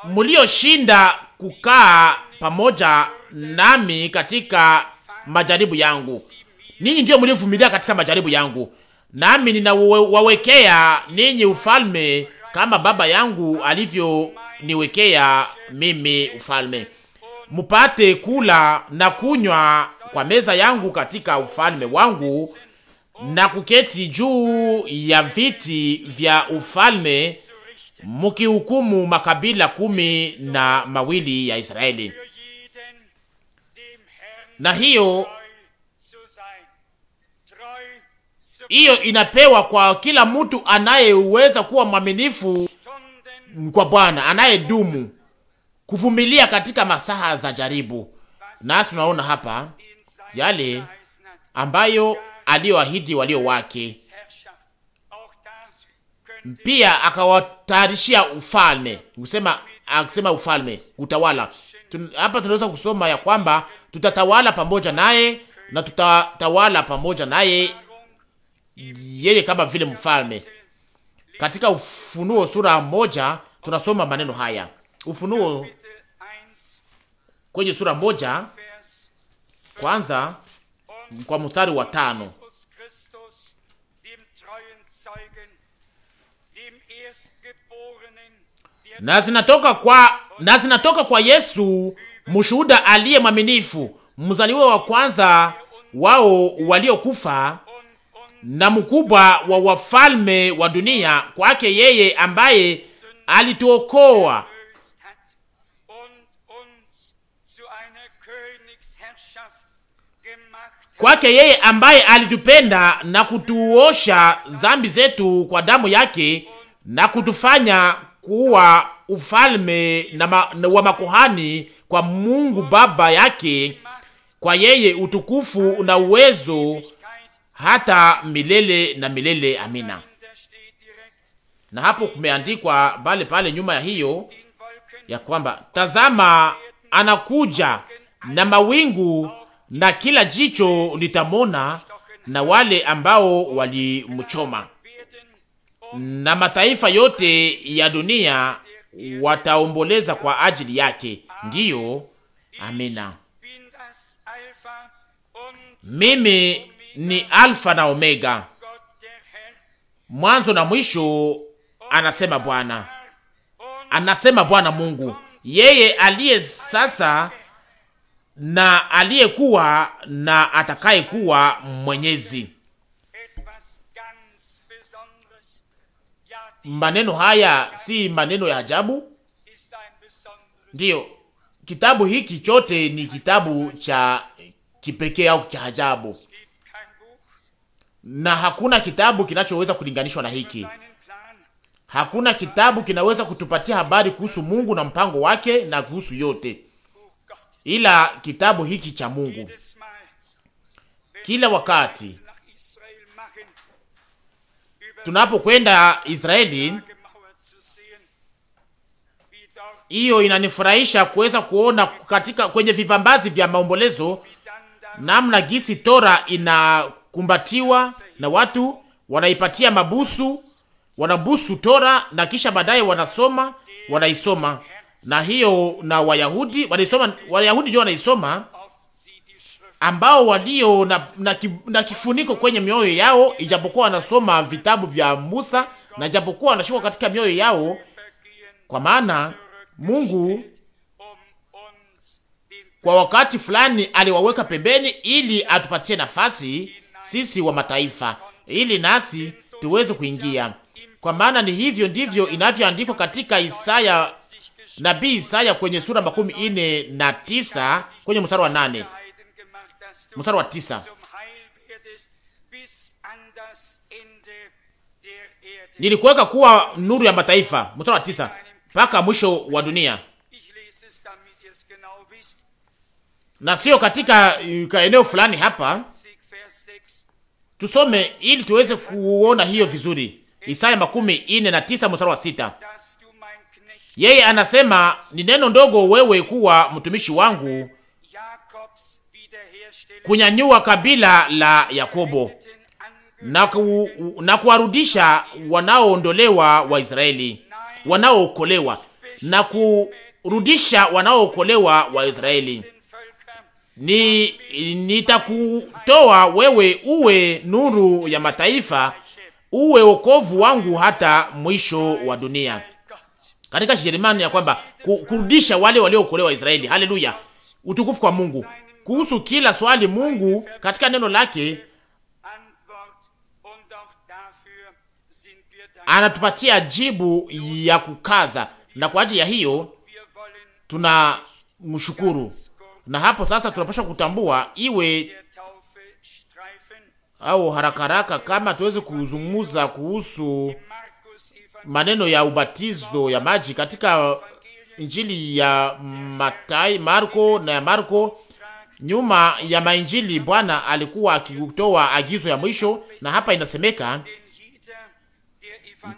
mulioshinda kukaa pamoja nami katika majaribu yangu, ninyi ndiyo mliovumilia katika majaribu yangu, nami ninawawekea ninyi ufalme kama Baba yangu alivyoniwekea mimi ufalme mupate kula na kunywa kwa meza yangu katika ufalme wangu na kuketi juu ya viti vya ufalme mukihukumu makabila kumi na mawili ya Israeli. Na hiyo hiyo inapewa kwa kila mtu anayeweza kuwa mwaminifu kwa Bwana, anayedumu kuvumilia katika masaha za jaribu. Nasi tunaona hapa yale ambayo aliyoahidi walio wake, pia akawatayarishia ufalme, usema akisema ufalme, utawala. Tun, hapa tunaweza kusoma ya kwamba tutatawala pamoja naye na tutatawala pamoja naye yeye kama vile mfalme. Katika Ufunuo sura moja tunasoma maneno haya, Ufunuo kwenye sura moja kwanza kwa mstari wa tano na zinatoka kwa na zinatoka kwa Yesu mshuhuda aliye mwaminifu, mzaliwa wa kwanza wao waliokufa na mkubwa wa wafalme wa dunia. Kwake yeye ambaye alituokoa kwake yeye ambaye alitupenda na kutuosha zambi zetu kwa damu yake na kutufanya kuwa ufalme na ma, na wa makuhani kwa Mungu Baba yake. Kwa yeye utukufu na uwezo hata milele na milele. Amina. Na hapo kumeandikwa pale pale nyuma ya hiyo ya kwamba tazama, anakuja na mawingu na kila jicho litamona, na wale ambao walimchoma, na mataifa yote ya dunia wataomboleza kwa ajili yake. Ndiyo, amina. Mimi ni Alfa na Omega, mwanzo na mwisho, anasema Bwana, anasema Bwana Mungu, yeye aliye sasa na aliyekuwa na atakayekuwa mwenyezi. Maneno haya si maneno ya ajabu, ndiyo. Kitabu hiki chote ni kitabu cha kipekee au cha ajabu, na hakuna kitabu kinachoweza kulinganishwa na hiki. Hakuna kitabu kinaweza kutupatia habari kuhusu Mungu na mpango wake na kuhusu yote ila kitabu hiki cha Mungu kila wakati tunapokwenda Israeli, hiyo inanifurahisha kuweza kuona katika kwenye vipambazi vya maombolezo namna gisi Tora inakumbatiwa na watu wanaipatia mabusu, wanabusu Tora na kisha baadaye wanasoma, wanaisoma na hiyo na Wayahudi wanaisoma, Wayahudi ndio wanaisoma ambao walio na, na, na kifuniko kwenye mioyo yao, ijapokuwa wanasoma vitabu vya Musa na ijapokuwa wanashikwa katika mioyo yao, kwa maana Mungu kwa wakati fulani aliwaweka pembeni ili atupatie nafasi sisi wa mataifa, ili nasi tuweze kuingia. Kwa maana ni hivyo ndivyo inavyoandikwa katika Isaya Nabii Isaya kwenye sura makumi ine na tisa kwenye mstari wa nane mstari wa tisa nilikuweka kuwa nuru ya mataifa, mstari wa tisa mpaka mwisho wa dunia, na sio katika uh, eneo fulani hapa. Tusome ili tuweze kuona hiyo vizuri. Isaya makumi ine na tisa mstari wa sita. Yeye anasema ni neno ndogo wewe kuwa mtumishi wangu, kunyanyua kabila la Yakobo na, ku, na kuwarudisha wanaoondolewa Waisraeli, wanaookolewa na kurudisha wanaookolewa Waisraeli. Ni nitakutoa wewe uwe nuru ya mataifa, uwe wokovu wangu hata mwisho wa dunia katika Kijerumani ya kwamba kurudisha wale waliokolewa Israeli. Haleluya, utukufu kwa Mungu. Kuhusu kila swali, Mungu katika neno lake anatupatia jibu ya kukaza, na kwa ajili ya hiyo tunamshukuru. Na hapo sasa tunapaswa kutambua iwe au haraka haraka, kama tuweze kuzungumza kuhusu maneno ya ubatizo ya maji katika Injili ya Matai, Marko na ya Marko. Nyuma ya mainjili Bwana alikuwa akitoa agizo ya mwisho, na hapa inasemeka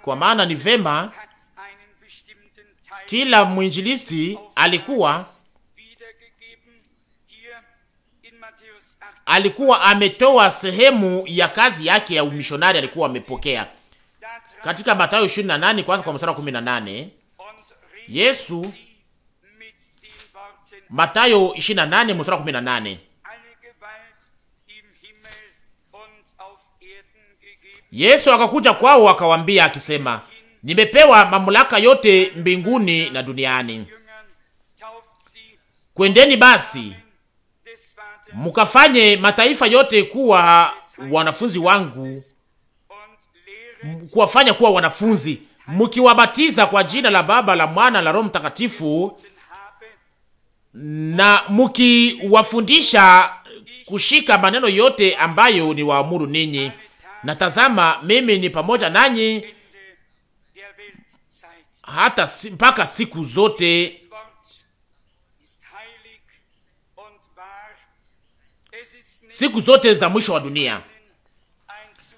kwa maana ni vema kila mwinjilisti alikuwa alikuwa ametoa sehemu ya kazi yake ya umishonari alikuwa amepokea katika Mathayo 28 kwanza kwa mstari wa 18. Yesu Mathayo 28 mstari wa 18. Yesu akakuja kwao akawambia akisema, nimepewa mamlaka yote mbinguni na duniani. Kwendeni basi mukafanye mataifa yote kuwa wanafunzi wangu kuwafanya kuwa wanafunzi, mkiwabatiza kwa jina la Baba, la Mwana, la Roho Mtakatifu, na mkiwafundisha kushika maneno yote ambayo ni waamuru ninyi, na tazama, mimi ni pamoja nanyi hata mpaka siku zote siku zote za mwisho wa dunia.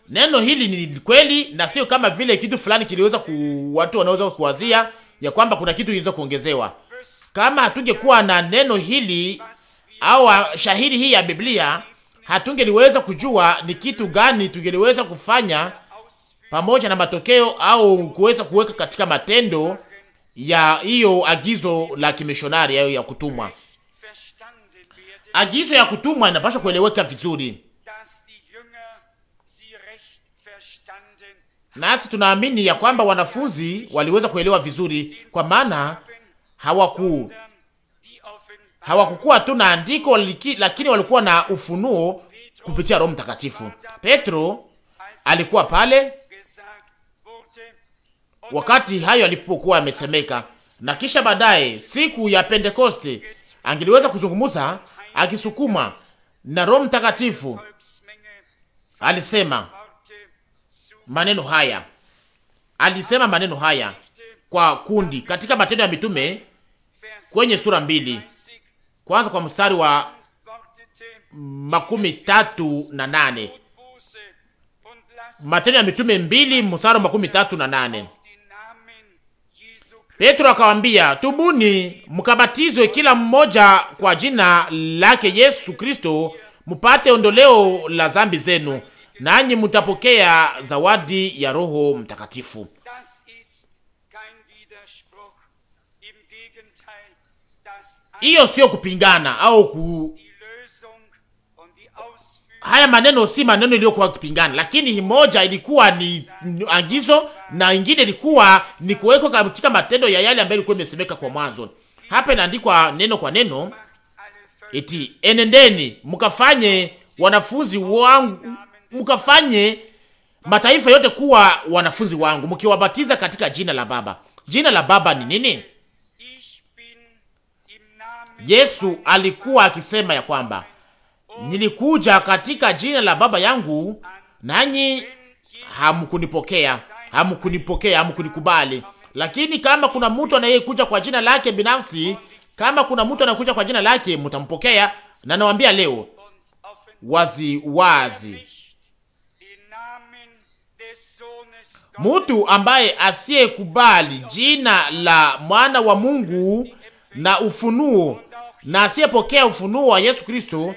Neno hili ni kweli na sio kama vile kitu fulani kiliweza ku watu wanaweza kuwazia ya kwamba kuna kitu kinaweza kuongezewa. Kama hatungekuwa na neno hili au shahiri hii ya Biblia, hatungeliweza kujua ni kitu gani tungeliweza kufanya pamoja na matokeo au kuweza kuweka katika matendo ya hiyo agizo la kimishonari ya kutumwa. Agizo ya kutumwa inapaswa kueleweka vizuri nasi tunaamini ya kwamba wanafunzi waliweza kuelewa vizuri, kwa maana hawaku hawakukuwa tu na andiko, lakini walikuwa na ufunuo kupitia Roho Mtakatifu. Petro alikuwa pale wakati hayo alipokuwa amesemeka, na kisha baadaye siku ya Pentekoste angeliweza kuzungumza akisukuma na Roho Mtakatifu. Alisema maneno haya, alisema maneno haya kwa kundi katika Matendo ya Mitume kwenye sura mbili kwanza kwa mstari wa makumi tatu na nane Matendo ya Mitume mbili mstari wa makumi tatu na nane Petro akawambia, tubuni mkabatizwe kila mmoja kwa jina lake Yesu Kristo mupate ondoleo la zambi zenu nanyi mtapokea zawadi ya Roho Mtakatifu. Hiyo sio kupingana au ku... haya maneno si maneno iliyokuwa kupingana, lakini moja ilikuwa ni agizo na ingine ilikuwa ni kuwekwa katika matendo ya yale ambayo ilikuwa imesemeka kwa mwanzo. Hapa inaandikwa neno kwa neno iti enendeni mkafanye wanafunzi wangu mkafanye mataifa yote kuwa wanafunzi wangu, mkiwabatiza katika jina la Baba. Jina la Baba ni nini? Yesu alikuwa akisema ya kwamba nilikuja katika jina la Baba yangu, nanyi hamkunipokea, hamkunipokea, hamkunikubali. Lakini kama kuna mtu anayekuja kwa jina lake binafsi, kama kuna mtu anakuja kwa jina lake, mtampokea. Na nawaambia leo wazi wazi Mutu ambaye asiyekubali jina la mwana wa Mungu na ufunuo na asiyepokea ufunuo wa Yesu Kristo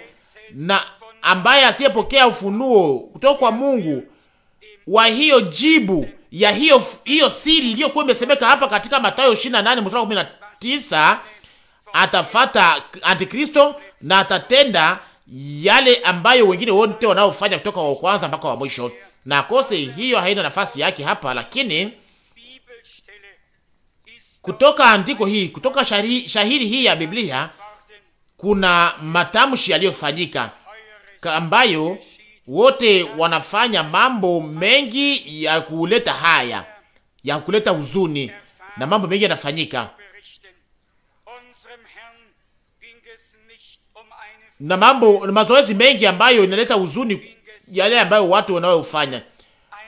na ambaye asiyepokea ufunuo kutoka kwa Mungu wa hiyo jibu ya hiyo hiyo siri iliyokuwa imesemeka hapa katika Mathayo 28 mstari wa 19, atafata antikristo na atatenda yale ambayo wengine wote wanaofanya kutoka wa kwanza mpaka wa mwisho na kose hiyo haina nafasi yake hapa, lakini kutoka andiko hii, kutoka shahiri, shahiri hii ya Biblia kuna matamshi yaliyofanyika ambayo wote wanafanya mambo mengi ya kuleta haya ya kuleta huzuni na mambo mengi yanafanyika na mambo na mazoezi mengi ambayo inaleta huzuni yale ambayo watu wanayofanya,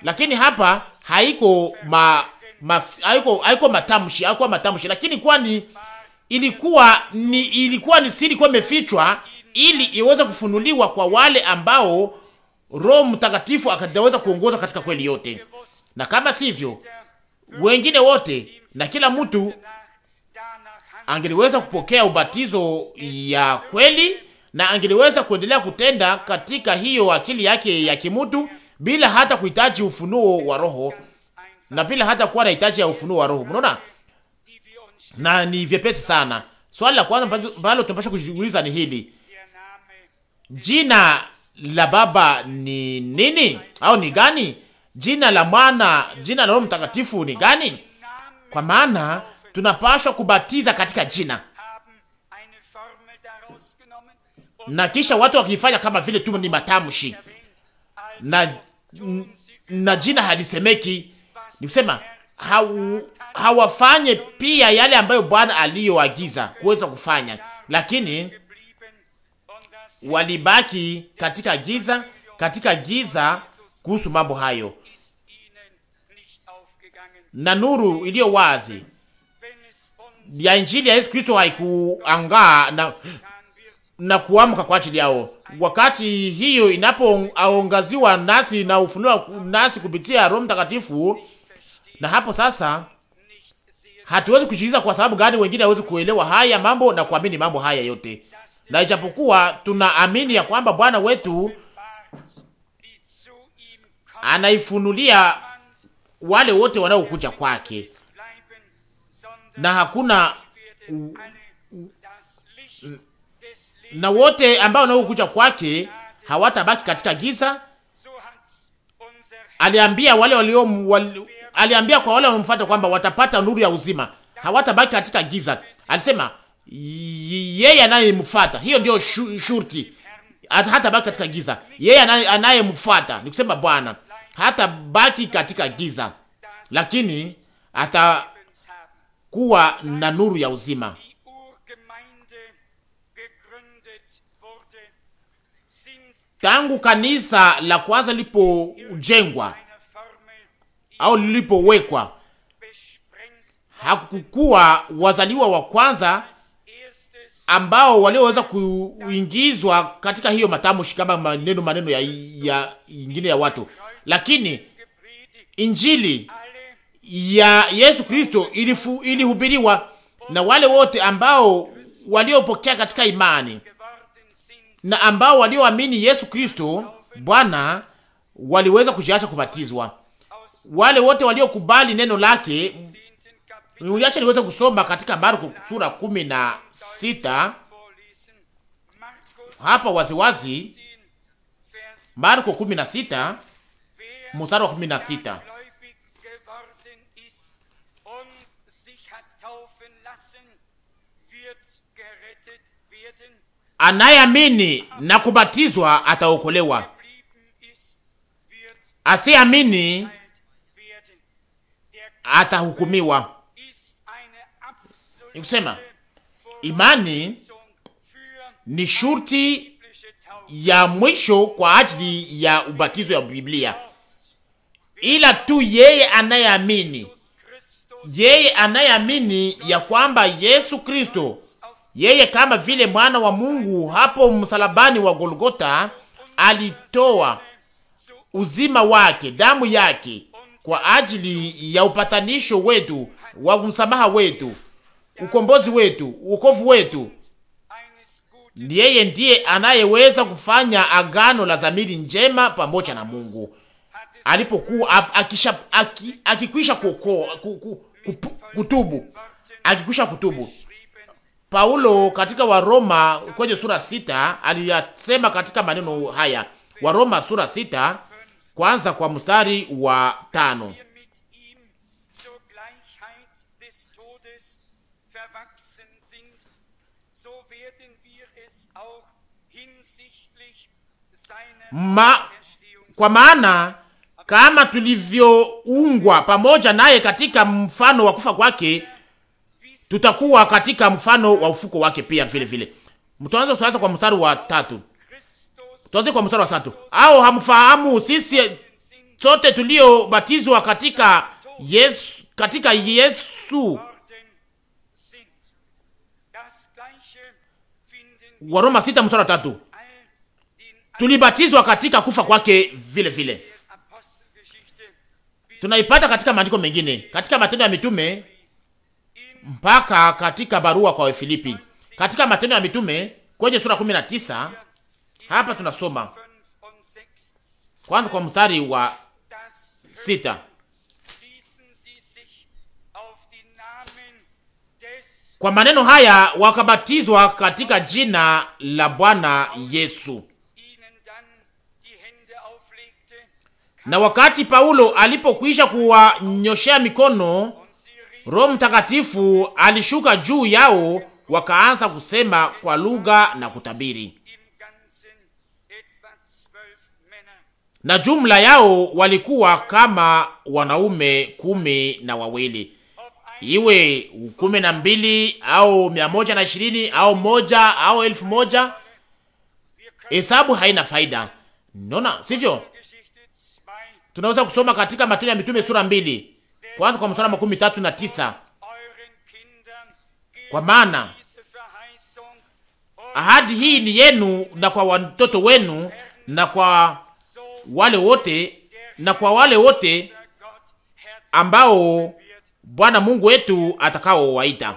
lakini hapa haiko ma, ma haiko haiko matamshi, haiko matamshi, lakini kwani ilikuwa ni ilikuwa ni siri kwa imefichwa ili iweze kufunuliwa kwa wale ambao Roho Mtakatifu akaweza kuongoza katika kweli yote, na kama sivyo wengine wote na kila mtu angeliweza kupokea ubatizo ya kweli na angeliweza kuendelea kutenda katika hiyo akili yake ya kimutu bila hata kuhitaji ufunuo wa Roho na bila hata kuwa na hitaji ya ufunuo wa Roho. Unaona, na ni vyepesi sana. Swali la kwanza ambalo tunapaswa kujiuliza ni hili: jina la Baba ni nini au ni gani? Jina la Mwana, jina la Roho Mtakatifu ni gani? Kwa maana tunapaswa kubatiza katika jina na kisha watu wakifanya kama vile tu ni matamshi na, na jina halisemeki. Ni kusema hawafanye pia yale ambayo Bwana aliyoagiza kuweza kufanya, lakini walibaki katika giza, katika giza kuhusu mambo hayo, na nuru iliyo wazi ya Injili ya Yesu Kristo haikuangaa na na kuamka kwa ajili yao. Wakati hiyo inapoongaziwa nasi na ufunua nasi kupitia Roho Mtakatifu, na hapo sasa hatuwezi kushiriza. Kwa sababu gani? Wengine hawezi kuelewa haya mambo na kuamini mambo haya yote, na ijapokuwa tunaamini ya kwamba Bwana wetu anaifunulia wale wote wanaokuja kwake, na hakuna na wote ambao wanaokuja kwake hawatabaki katika giza. Aliambia wale walio wali, aliambia kwa wale wanaomfuata kwamba watapata nuru ya uzima, hawatabaki katika giza. Alisema yeye anayemfuata, hiyo ndio shurti, hata baki katika giza. Yeye anayemfuata ni kusema Bwana hata baki katika giza, lakini atakuwa na nuru ya uzima. tangu kanisa la kwanza lilipojengwa au lilipowekwa, hakukuwa wazaliwa wa kwanza ambao walioweza kuingizwa katika hiyo matamshi kama maneno maneno ya, ya ingine ya watu, lakini injili ya Yesu Kristo ilihubiriwa na wale wote ambao waliopokea katika imani na ambao walioamini Yesu Kristo Bwana waliweza kujiacha kubatizwa. Wale wote waliokubali neno lake, uliacha niweze kusoma katika Marko sura kumi na sita hapa waziwazi, Marko kumi na sita mstari wa kumi na sita. Anayeamini na kubatizwa ataokolewa, asiamini atahukumiwa. kusema imani ni shurti ya mwisho kwa ajili ya ubatizo ya Biblia, ila tu yeye anayeamini, yeye anayeamini ya kwamba Yesu Kristo yeye kama vile mwana wa Mungu hapo msalabani wa Golgota alitoa uzima wake, damu yake kwa ajili ya upatanisho wetu, wa msamaha wetu, ukombozi wetu, ukovu wetu. Yeye ndiye anayeweza kufanya agano la dhamiri njema pamoja na Mungu alipokuwa akikwisha kuokoa kutubu, akikwisha kutubu Paulo katika Waroma kwenye sura sita aliyasema katika maneno haya, Waroma sura sita kwanza kwa mstari wa tano Ma, kwa maana kama tulivyoungwa pamoja naye katika mfano wa kufa kwake tutakuwa katika mfano wa ufuko wake pia vile vile. Mtaanza tutaanza kwa mstari wa tatu. Tuanze kwa mstari wa tatu. Au hamfahamu sisi sote tuliobatizwa katika Yesu katika Yesu Waroma sita mstari wa tatu. Tulibatizwa katika kufa kwake vile vile. Tunaipata katika maandiko mengine, katika Matendo ya Mitume mpaka katika barua kwa Wafilipi. Katika Matendo ya Mitume kwenye sura 19 hapa tunasoma kwanza kwa mstari wa sita kwa maneno haya wakabatizwa katika jina la Bwana Yesu. Na wakati Paulo alipokwisha kuwanyoshea mikono Roho Mtakatifu alishuka juu yao, wakaanza kusema kwa lugha na kutabiri, na jumla yao walikuwa kama wanaume kumi na wawili, iwe kumi na mbili au mia moja na ishirini au moja au elfu moja. Hesabu haina faida, naona sivyo? Tunaweza kusoma katika Matendo ya Mitume sura mbili kwanza kwa mstari makumi tatu na tisa kwa maana ahadi hii ni yenu na kwa watoto wenu na kwa wale wote na kwa wale wote ambao Bwana Mungu wetu atakaowaita.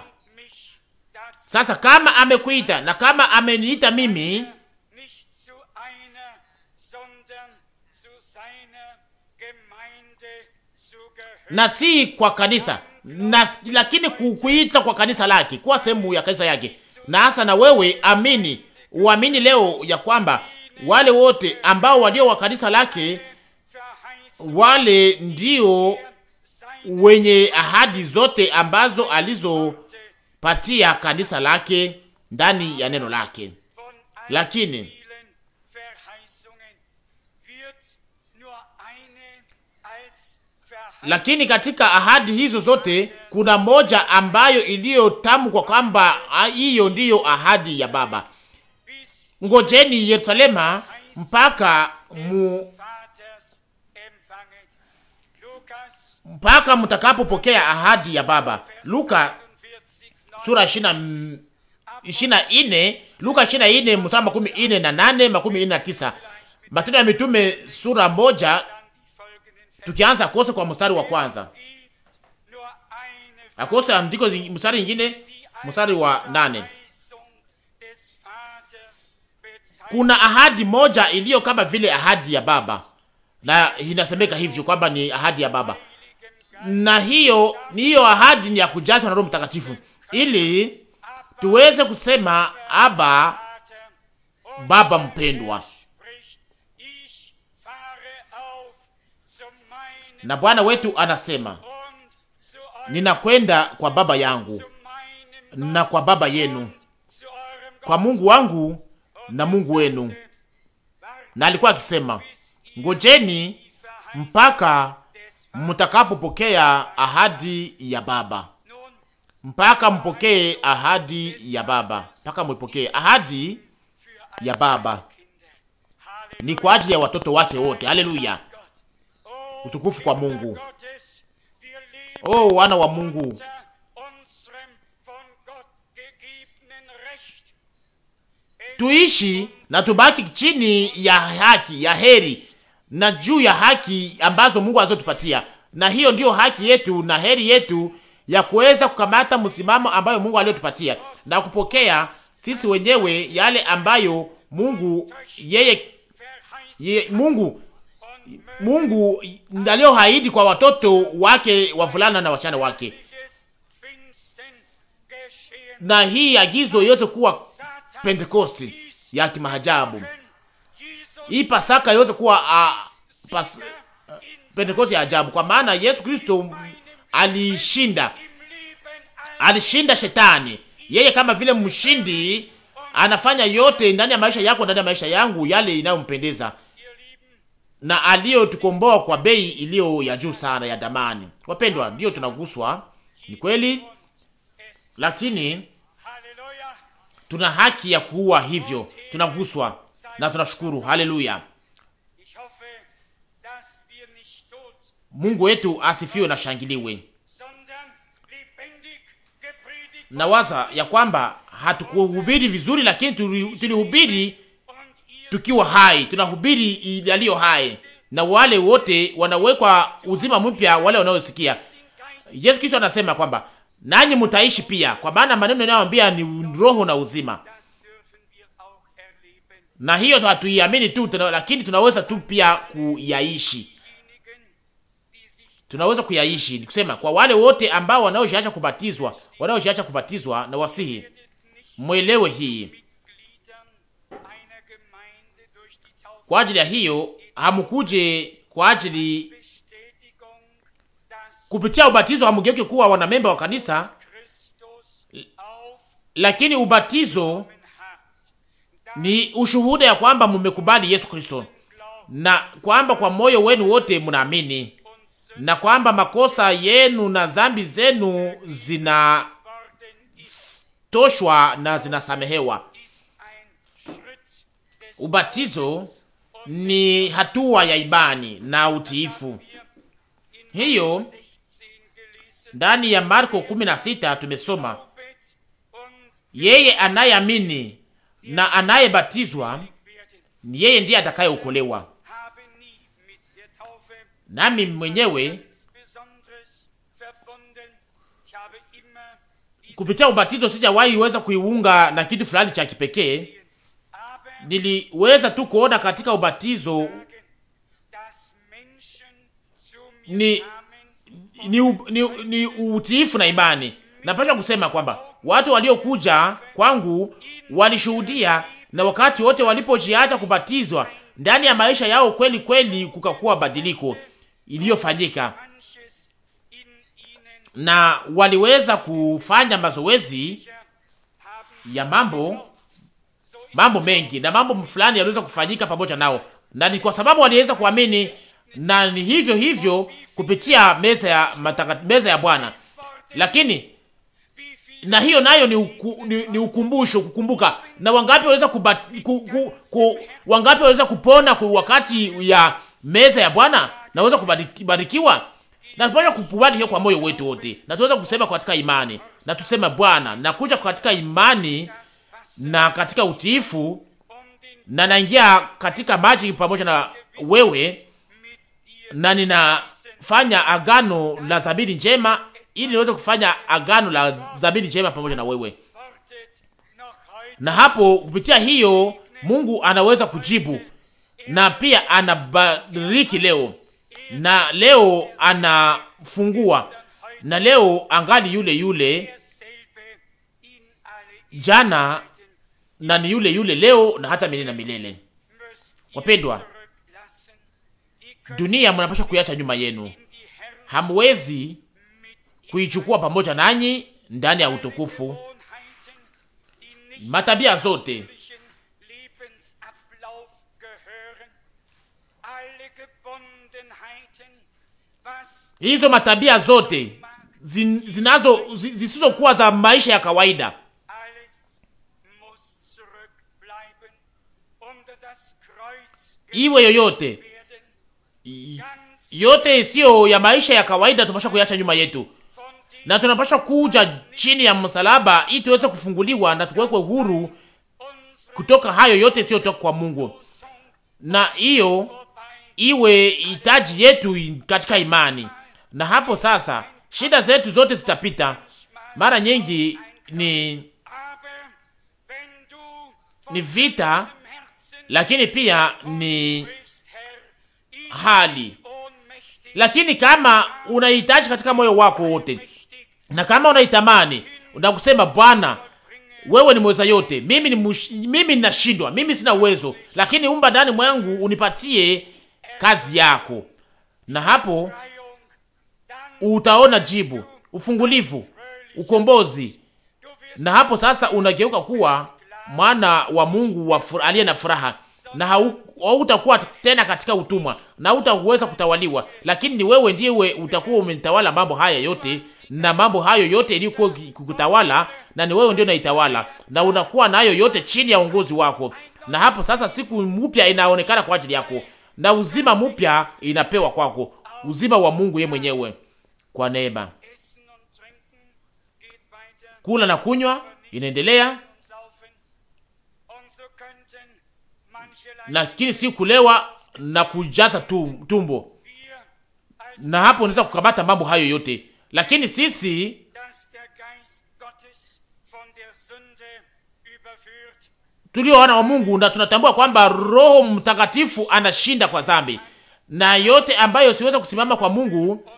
Sasa kama amekuita na kama ameniita mimi na si kwa kanisa na, lakini kuita kwa kanisa lake kuwa sehemu ya kanisa yake. Na hasa na wewe amini, uamini leo ya kwamba wale wote ambao walio wa kanisa lake wale ndio wenye ahadi zote ambazo alizopatia kanisa lake ndani ya neno lake, lakini lakini katika ahadi hizo zote kuna moja ambayo iliyotamkwa kwamba hiyo ndiyo ahadi ya Baba, ngojeni Yerusalema mpaka mu mpaka mtakapopokea ahadi ya Baba. Luka sura ishirini na ine Luka ishirini na ine mstari makumi ine na nane makumi ine na tisa Matendo ya Mitume sura moja tukianza akose kwa mstari wa kwanza, akose andiko mstari nyingine, mstari wa nane. Kuna ahadi moja iliyo kama vile ahadi ya baba, na inasemeka hivyo kwamba ni ahadi ya baba, na hiyo hiyo ahadi ni ya kujazwa na Roho Mtakatifu ili tuweze kusema aba, baba mpendwa na Bwana wetu anasema, ninakwenda kwa baba yangu na kwa baba yenu, kwa Mungu wangu na Mungu wenu. Na alikuwa akisema, ngojeni mpaka mtakapopokea ahadi ya Baba, mpaka mpokee ahadi ya Baba, mpaka mpokee ahadi ya Baba. Ni kwa ajili ya watoto wake wote. Haleluya! Utukufu kwa Mungu. Oh, wana wa Mungu, tuishi na tubaki chini ya haki ya heri na juu ya haki ambazo Mungu azotupatia, na hiyo ndiyo haki yetu na heri yetu ya kuweza kukamata msimamo ambayo Mungu aliyotupatia na kupokea sisi wenyewe yale ambayo Mungu yeye, ye, Mungu Mungu haidi kwa watoto wake wavulana na wachana wake, na hii agizo iweze kuwa Pentekosti ya kimahajabu, hii Pasaka iweze kuwa uh, pas, uh, Pentekosti ya ajabu, kwa maana Yesu Kristo alishinda, alishinda shetani yeye kama vile mshindi anafanya yote ndani ya maisha yako, ndani ya maisha yangu, yale inayompendeza na aliyotukomboa kwa bei iliyo ya juu sana ya damani. Wapendwa, ndiyo tunaguswa, ni kweli, lakini tuna haki ya kuua hivyo. Tunaguswa na tunashukuru, haleluya. Mungu wetu asifiwe na shangiliwe. Nawaza ya kwamba hatukuhubiri vizuri, lakini tulihubiri tukiwa hai, tunahubiri yaliyo hai, na wale wote wanawekwa uzima mpya, wale wanaosikia. Yesu Kristo anasema kwamba nanyi mtaishi pia, kwa maana maneno yanayoambia ni roho na uzima. Na hiyo hatuiamini tu, tuna, lakini tunaweza tu pia kuyaishi, tunaweza kuyaishi. Ni kusema kwa wale wote ambao wanaojiacha kubatizwa, wanaojiacha kubatizwa, na wasihi mwelewe hii Kwa ajili ya hiyo hamukuje kwa ajili kupitia ubatizo, hamugeuke kuwa wanamemba wa kanisa, lakini ubatizo ni ushuhuda ya kwamba mumekubali Yesu Kristo na kwamba kwa moyo wenu wote mnaamini na kwamba makosa yenu na dhambi zenu zinatoshwa na zinasamehewa. Ubatizo ni hatua ya imani na utiifu. Hiyo ndani ya Marko 16 tumesoma, yeye anayeamini na anayebatizwa ni yeye ndiye atakayeokolewa. Nami mwenyewe kupitia ubatizo sijawahi weza kuiunga na kitu fulani cha kipekee niliweza tu kuona katika ubatizo ni ni, ni, ni utiifu na imani. Napasha kusema kwamba watu waliokuja kwangu walishuhudia, na wakati wote walipojiacha kubatizwa ndani ya maisha yao kweli kweli, kukakuwa badiliko iliyofanyika, na waliweza kufanya mazoezi ya mambo mambo mengi na mambo fulani yaliweza kufanyika pamoja nao, na ni kwa sababu waliweza kuamini, na ni hivyo hivyo kupitia meza ya mataka, meza ya Bwana. Lakini na hiyo nayo ni, uku, ni, ni ukumbusho kukumbuka, na wangapi waweza ku, ku, ku, wangapi waweza kupona kwa wakati ya meza ya Bwana na waweza kubarikiwa na tunaweza kukubali hiyo kwa moyo wetu wote, na tuweza kusema katika imani, na tuseme Bwana, nakuja katika imani na katika utiifu, na naingia katika maji pamoja na wewe, na ninafanya agano la zabiri njema, ili niweze kufanya agano la zabiri njema pamoja na wewe. Na hapo kupitia hiyo Mungu anaweza kujibu na pia anabariki leo, na leo anafungua, na leo angali yule yule jana na ni yule yule leo na hata milele na milele. Wapendwa, dunia mnapaswa kuiacha nyuma yenu, hamwezi kuichukua pamoja nanyi ndani ya utukufu. Matabia zote hizo, matabia zote zin, zinazo zisizokuwa za maisha ya kawaida iwe yoyote yote isiyo ya maisha ya kawaida, tunapaswa kuacha nyuma yetu na tunapaswa kuja chini ya msalaba ili tuweze kufunguliwa na tuwekwe huru kutoka hayo yote toka kwa Mungu, na hiyo iwe hitaji yetu katika imani. Na hapo sasa shida zetu zote zitapita. Mara nyingi ni ni vita lakini pia ni hali. Lakini kama unahitaji katika moyo wako wote na kama unaitamani na kusema, Bwana wewe ni mweza yote, mimi ni mush, mimi ninashindwa, mimi sina uwezo, lakini umba ndani mwangu unipatie kazi yako, na hapo utaona jibu, ufungulivu, ukombozi. Na hapo sasa unageuka kuwa mwana wa Mungu wa aliye na furaha, na hautakuwa tena katika utumwa na hautaweza kutawaliwa, lakini ni wewe ndiwe utakuwa umetawala mambo haya yote na mambo hayo yote iliyokuwa kukutawala, na ni wewe ndio unaitawala na unakuwa nayo yote chini ya uongozi wako. Na hapo sasa siku mpya inaonekana kwa ajili yako na uzima mpya inapewa kwako, uzima wa Mungu ye mwenyewe kwa neema. Kula na kunywa inaendelea. lakini si kulewa na kujaza tumbo, na hapo unaweza kukamata mambo hayo yote, lakini sisi tulio wana wa Mungu na tunatambua kwamba Roho Mtakatifu anashinda kwa dhambi na yote ambayo siweza kusimama kwa Mungu,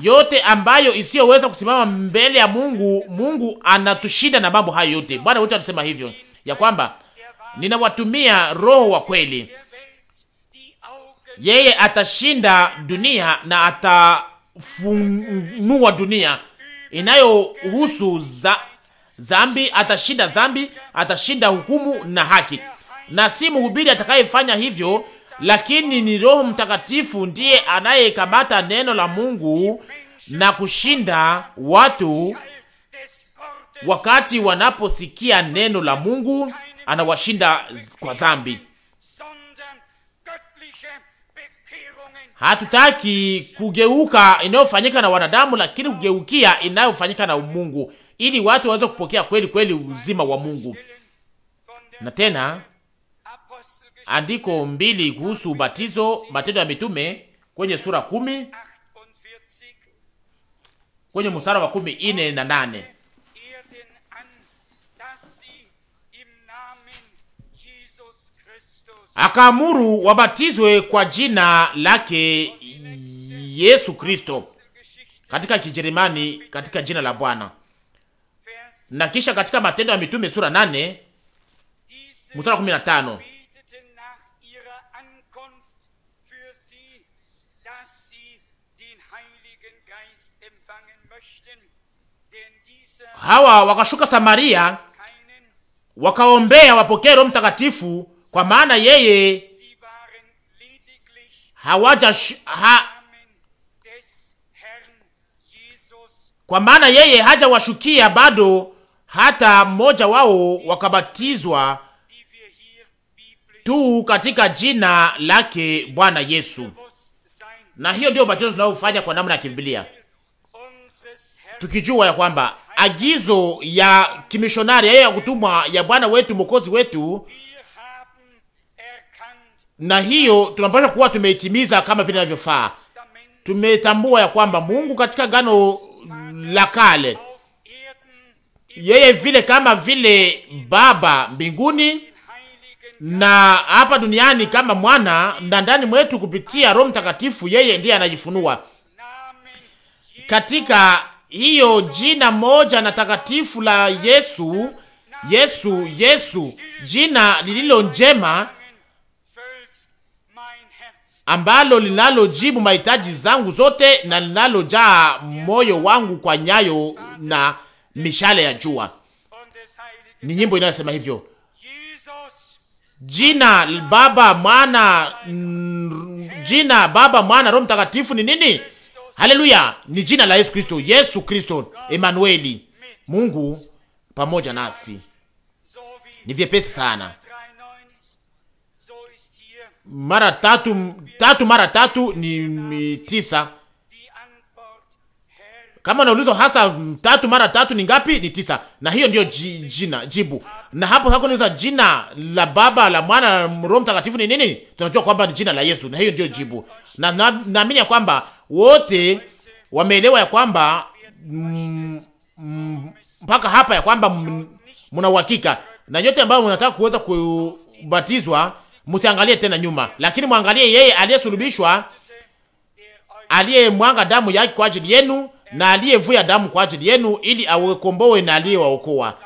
yote ambayo isiyoweza kusimama mbele ya Mungu, Mungu anatushinda na mambo hayo yote. Bwana wetu anasema hivyo ya kwamba ninawatumia roho wa kweli. Yeye atashinda dunia na atafunua dunia inayohusu za zambi, atashinda zambi, atashinda hukumu na haki, na si mhubiri atakayefanya hivyo, lakini ni Roho Mtakatifu ndiye anayekamata neno la Mungu na kushinda watu wakati wanaposikia neno la Mungu anawashinda kwa dhambi. Hatutaki kugeuka inayofanyika na wanadamu, lakini kugeukia inayofanyika na Mungu, ili watu waweze kupokea kweli kweli uzima wa Mungu. Na tena andiko mbili kuhusu ubatizo, Matendo ya Mitume kwenye sura kumi kwenye mstari wa kumi ine na nane akaamuru wabatizwe kwa jina lake Yesu Kristo katika Kijerumani, katika jina la Bwana. Na kisha katika Matendo ya Mitume sura nane mstari kumi na tano hawa wakashuka Samaria wakaombea wapokee Roho Mtakatifu kwa maana yeye hawaja ha, kwa maana yeye hajawashukia bado hata mmoja wao wakabatizwa tu katika jina lake Bwana Yesu. Na hiyo ndio batizo tunaofanya kwa namna ya Kibiblia, tukijua ya kwamba agizo ya kimishonari yeye ya kutumwa ya Bwana wetu mwokozi wetu na hiyo tunapaswa kuwa tumeitimiza kama vile inavyofaa. Tumetambua ya kwamba Mungu katika gano la kale, yeye vile kama vile Baba mbinguni na hapa duniani kama mwana na ndani mwetu kupitia Roho Mtakatifu, yeye ndiye anajifunua katika hiyo jina moja na takatifu la Yesu, Yesu, Yesu, jina lililo njema ambalo linalojibu mahitaji zangu zote na linalojaa moyo wangu kwa nyayo na mishale ya jua. Ni nyimbo inayosema hivyo. Jina Baba, Mwana, jina Baba, Mwana, Roho Mtakatifu ni nini? Haleluya! Ni jina la Yesu Kristo, Yesu Kristo Emanueli, Mungu pamoja nasi. Ni vyepesi sana mara tatu, tatu mara tatu ni tisa. Kama naulizwa hasa tatu mara tatu ni ngapi? Ni tisa, na hiyo ndio jina jibu. Na hapo hako niuliza jina la Baba la Mwana la Roho Mtakatifu ni nini? Tunajua kwamba ni jina la Yesu, na hiyo ndio jibu. Na naamini na ya kwamba wote wameelewa ya kwamba mm, mm, mpaka hapa ya kwamba mna uhakika na nyote ambao mnataka kuweza kubatizwa Musiangalie tena nyuma, lakini mwangalie yeye aliyesulubishwa, aliyemwanga damu yake kwa ajili yenu na aliyevuya damu kwa ajili yenu, ili awekombowe na aliyewaokoa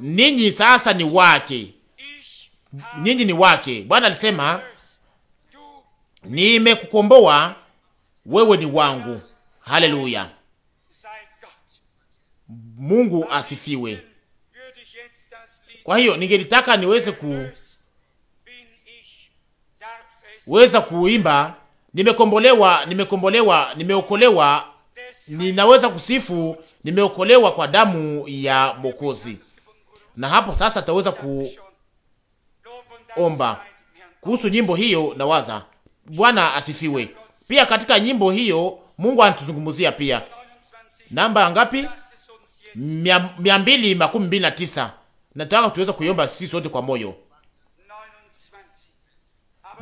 ninyi. Sasa ni wake, ninyi ni wake. Bwana alisema, nimekukomboa wewe, ni wangu. Haleluya, Mungu asifiwe. Kwa hiyo ningelitaka niweze ku weza kuimba, nimekombolewa, nimekombolewa, nimeokolewa, ninaweza kusifu, nimeokolewa kwa damu ya Mwokozi. Na hapo sasa taweza kuomba kuhusu nyimbo hiyo, na waza Bwana asifiwe. Pia katika nyimbo hiyo Mungu anatuzungumzia pia, namba ngapi? mia mbili makumi mbili na tisa. Nataka tuweze kuiomba sisi sote kwa moyo.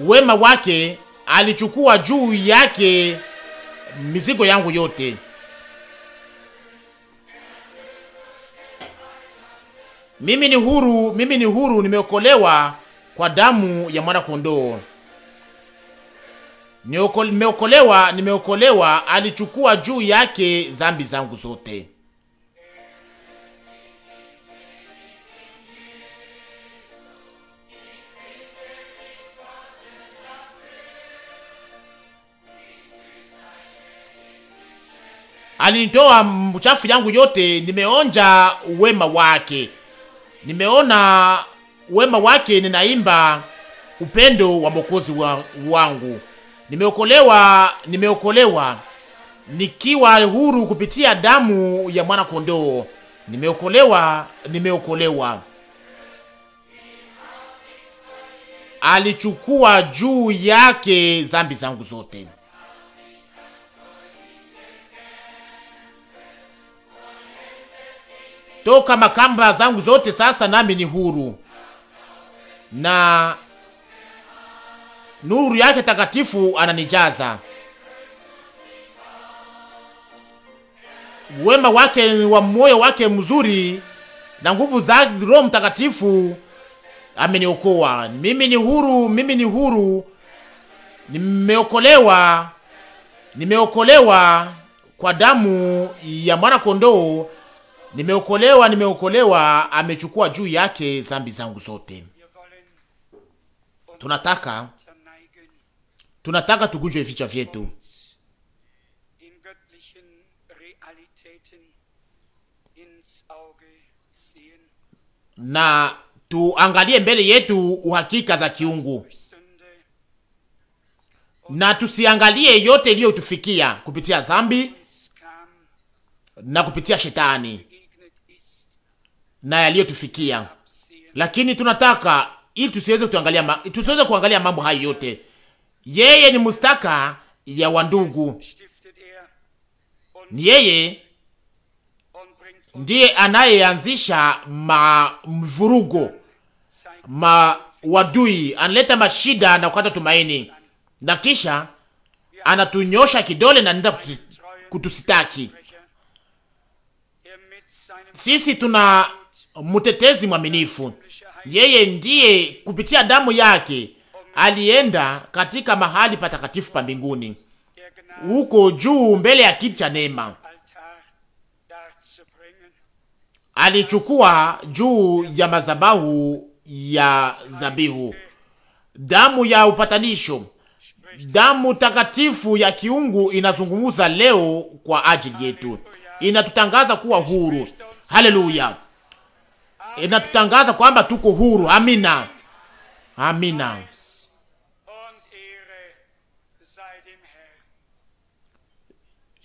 wema wake alichukua juu yake mizigo yangu yote. Mimi ni huru, mimi ni huru, nimeokolewa kwa damu ya mwana kondoo. Nimeokolewa, nimeokolewa, alichukua juu yake zambi zangu zote. alinitoa mchafu yangu yote, nimeonja wema wake, nimeona wema wake, ninaimba upendo wa mwokozi wa, wangu. Nimeokolewa, nimeokolewa nikiwa huru kupitia damu ya mwana kondoo. Nimeokolewa, nimeokolewa. Alichukua juu yake zambi zangu zote. toka makamba zangu zote, sasa nami ni huru, na nuru yake takatifu ananijaza. Wema wake wa moyo wake mzuri na nguvu za Roho Mtakatifu ameniokoa mimi. Ni huru, mimi ni huru, nimeokolewa, nimeokolewa kwa damu ya mwana kondoo nimeokolewa, nimeokolewa, amechukua juu yake zambi zangu zote. Tunataka, tunataka tugunjwe vichwa vyetu na tuangalie mbele yetu uhakika za kiungu na tusiangalie yote iliyotufikia kupitia zambi na kupitia shetani, na yaliyotufikia, lakini tunataka ili tusiweze kuangalia, tusiweze kuangalia mambo hayo yote. Yeye ni mustaka ya wandugu, ni yeye ndiye anayeanzisha mvurugo ma wadui, analeta mashida na kukata tumaini, na kisha anatunyosha kidole na nenda kutusitaki sisi tuna mtetezi mwaminifu. Yeye ndiye kupitia damu yake alienda katika mahali patakatifu pa mbinguni, huko juu mbele ya kiti cha neema, alichukua juu ya mazabahu ya zabihu damu ya upatanisho, damu takatifu ya kiungu inazungumza leo kwa ajili yetu, inatutangaza kuwa huru. Haleluya! inatutangaza eh, kwamba tuko huru. Amina, amina.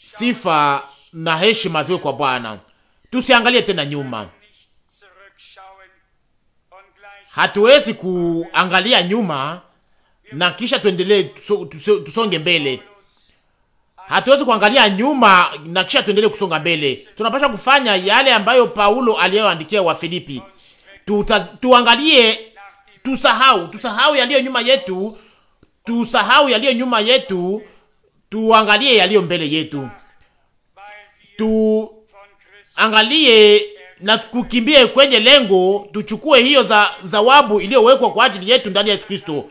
Sifa na heshima ziwe kwa Bwana. Tusiangalie tena nyuma, hatuwezi kuangalia nyuma na kisha tuendelee, tusonge mbele. Hatuwezi kuangalia nyuma na kisha tuendelee kusonga mbele. Tunapaswa kufanya yale ambayo Paulo aliyoandikia wa Filipi. Tuta, tuangalie tusahau, tusahau yaliyo nyuma yetu, tusahau yaliyo nyuma yetu, tuangalie yaliyo mbele yetu. Tuangalie na kukimbie kwenye lengo, tuchukue hiyo za zawabu iliyowekwa kwa ajili yetu ndani ya Yesu Kristo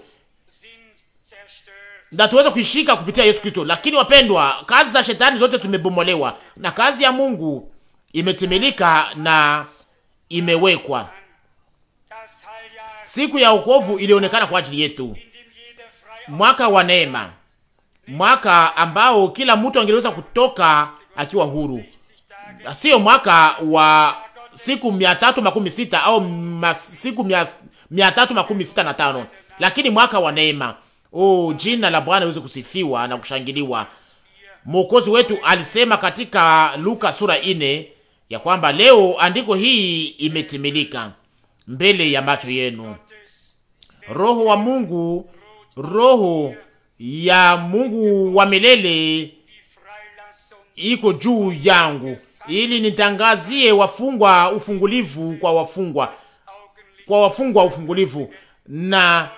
na tuweze kuishika kupitia Yesu Kristo. Lakini wapendwa, kazi za shetani zote tumebomolewa na kazi ya Mungu imetimilika na imewekwa. Siku ya wokovu ilionekana kwa ajili yetu, mwaka wa neema, mwaka ambao kila mtu angeweza kutoka akiwa huru, sio mwaka wa siku mia tatu makumi sita au siku mia tatu makumi sita na tano, lakini mwaka wa neema Oh, jina la Bwana liweze kusifiwa na kushangiliwa. Mwokozi wetu alisema katika Luka sura ine ya kwamba leo andiko hii imetimilika mbele ya macho yenu. Roho wa Mungu, roho ya Mungu wa milele iko juu yangu ili nitangazie wafungwa ufungulivu kwa wafungwa, kwa wafungwa ufungulivu, na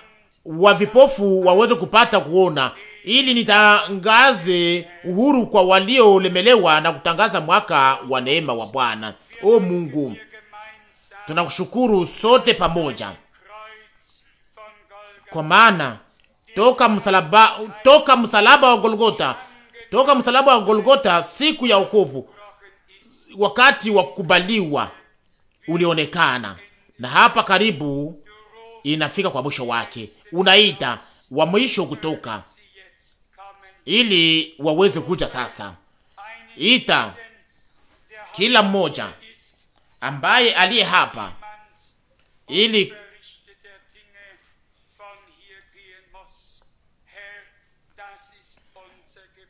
wa vipofu waweze kupata kuona, ili nitangaze uhuru kwa waliolemelewa na kutangaza mwaka wa neema wa Bwana. O Mungu, tunakushukuru sote pamoja, kwa maana toka msalaba, toka msalaba wa Golgota, toka msalaba wa Golgota, siku ya wokovu, wakati wa kukubaliwa ulionekana, na hapa karibu inafika kwa mwisho wake unaita wa mwisho kutoka ili waweze kuja sasa. Ita kila mmoja ambaye aliye hapa ili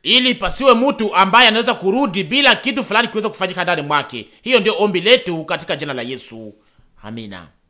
ili pasiwe mtu ambaye anaweza kurudi bila kitu fulani kiweza kufanyika ndani mwake. Hiyo ndio ombi letu katika jina la Yesu, amina.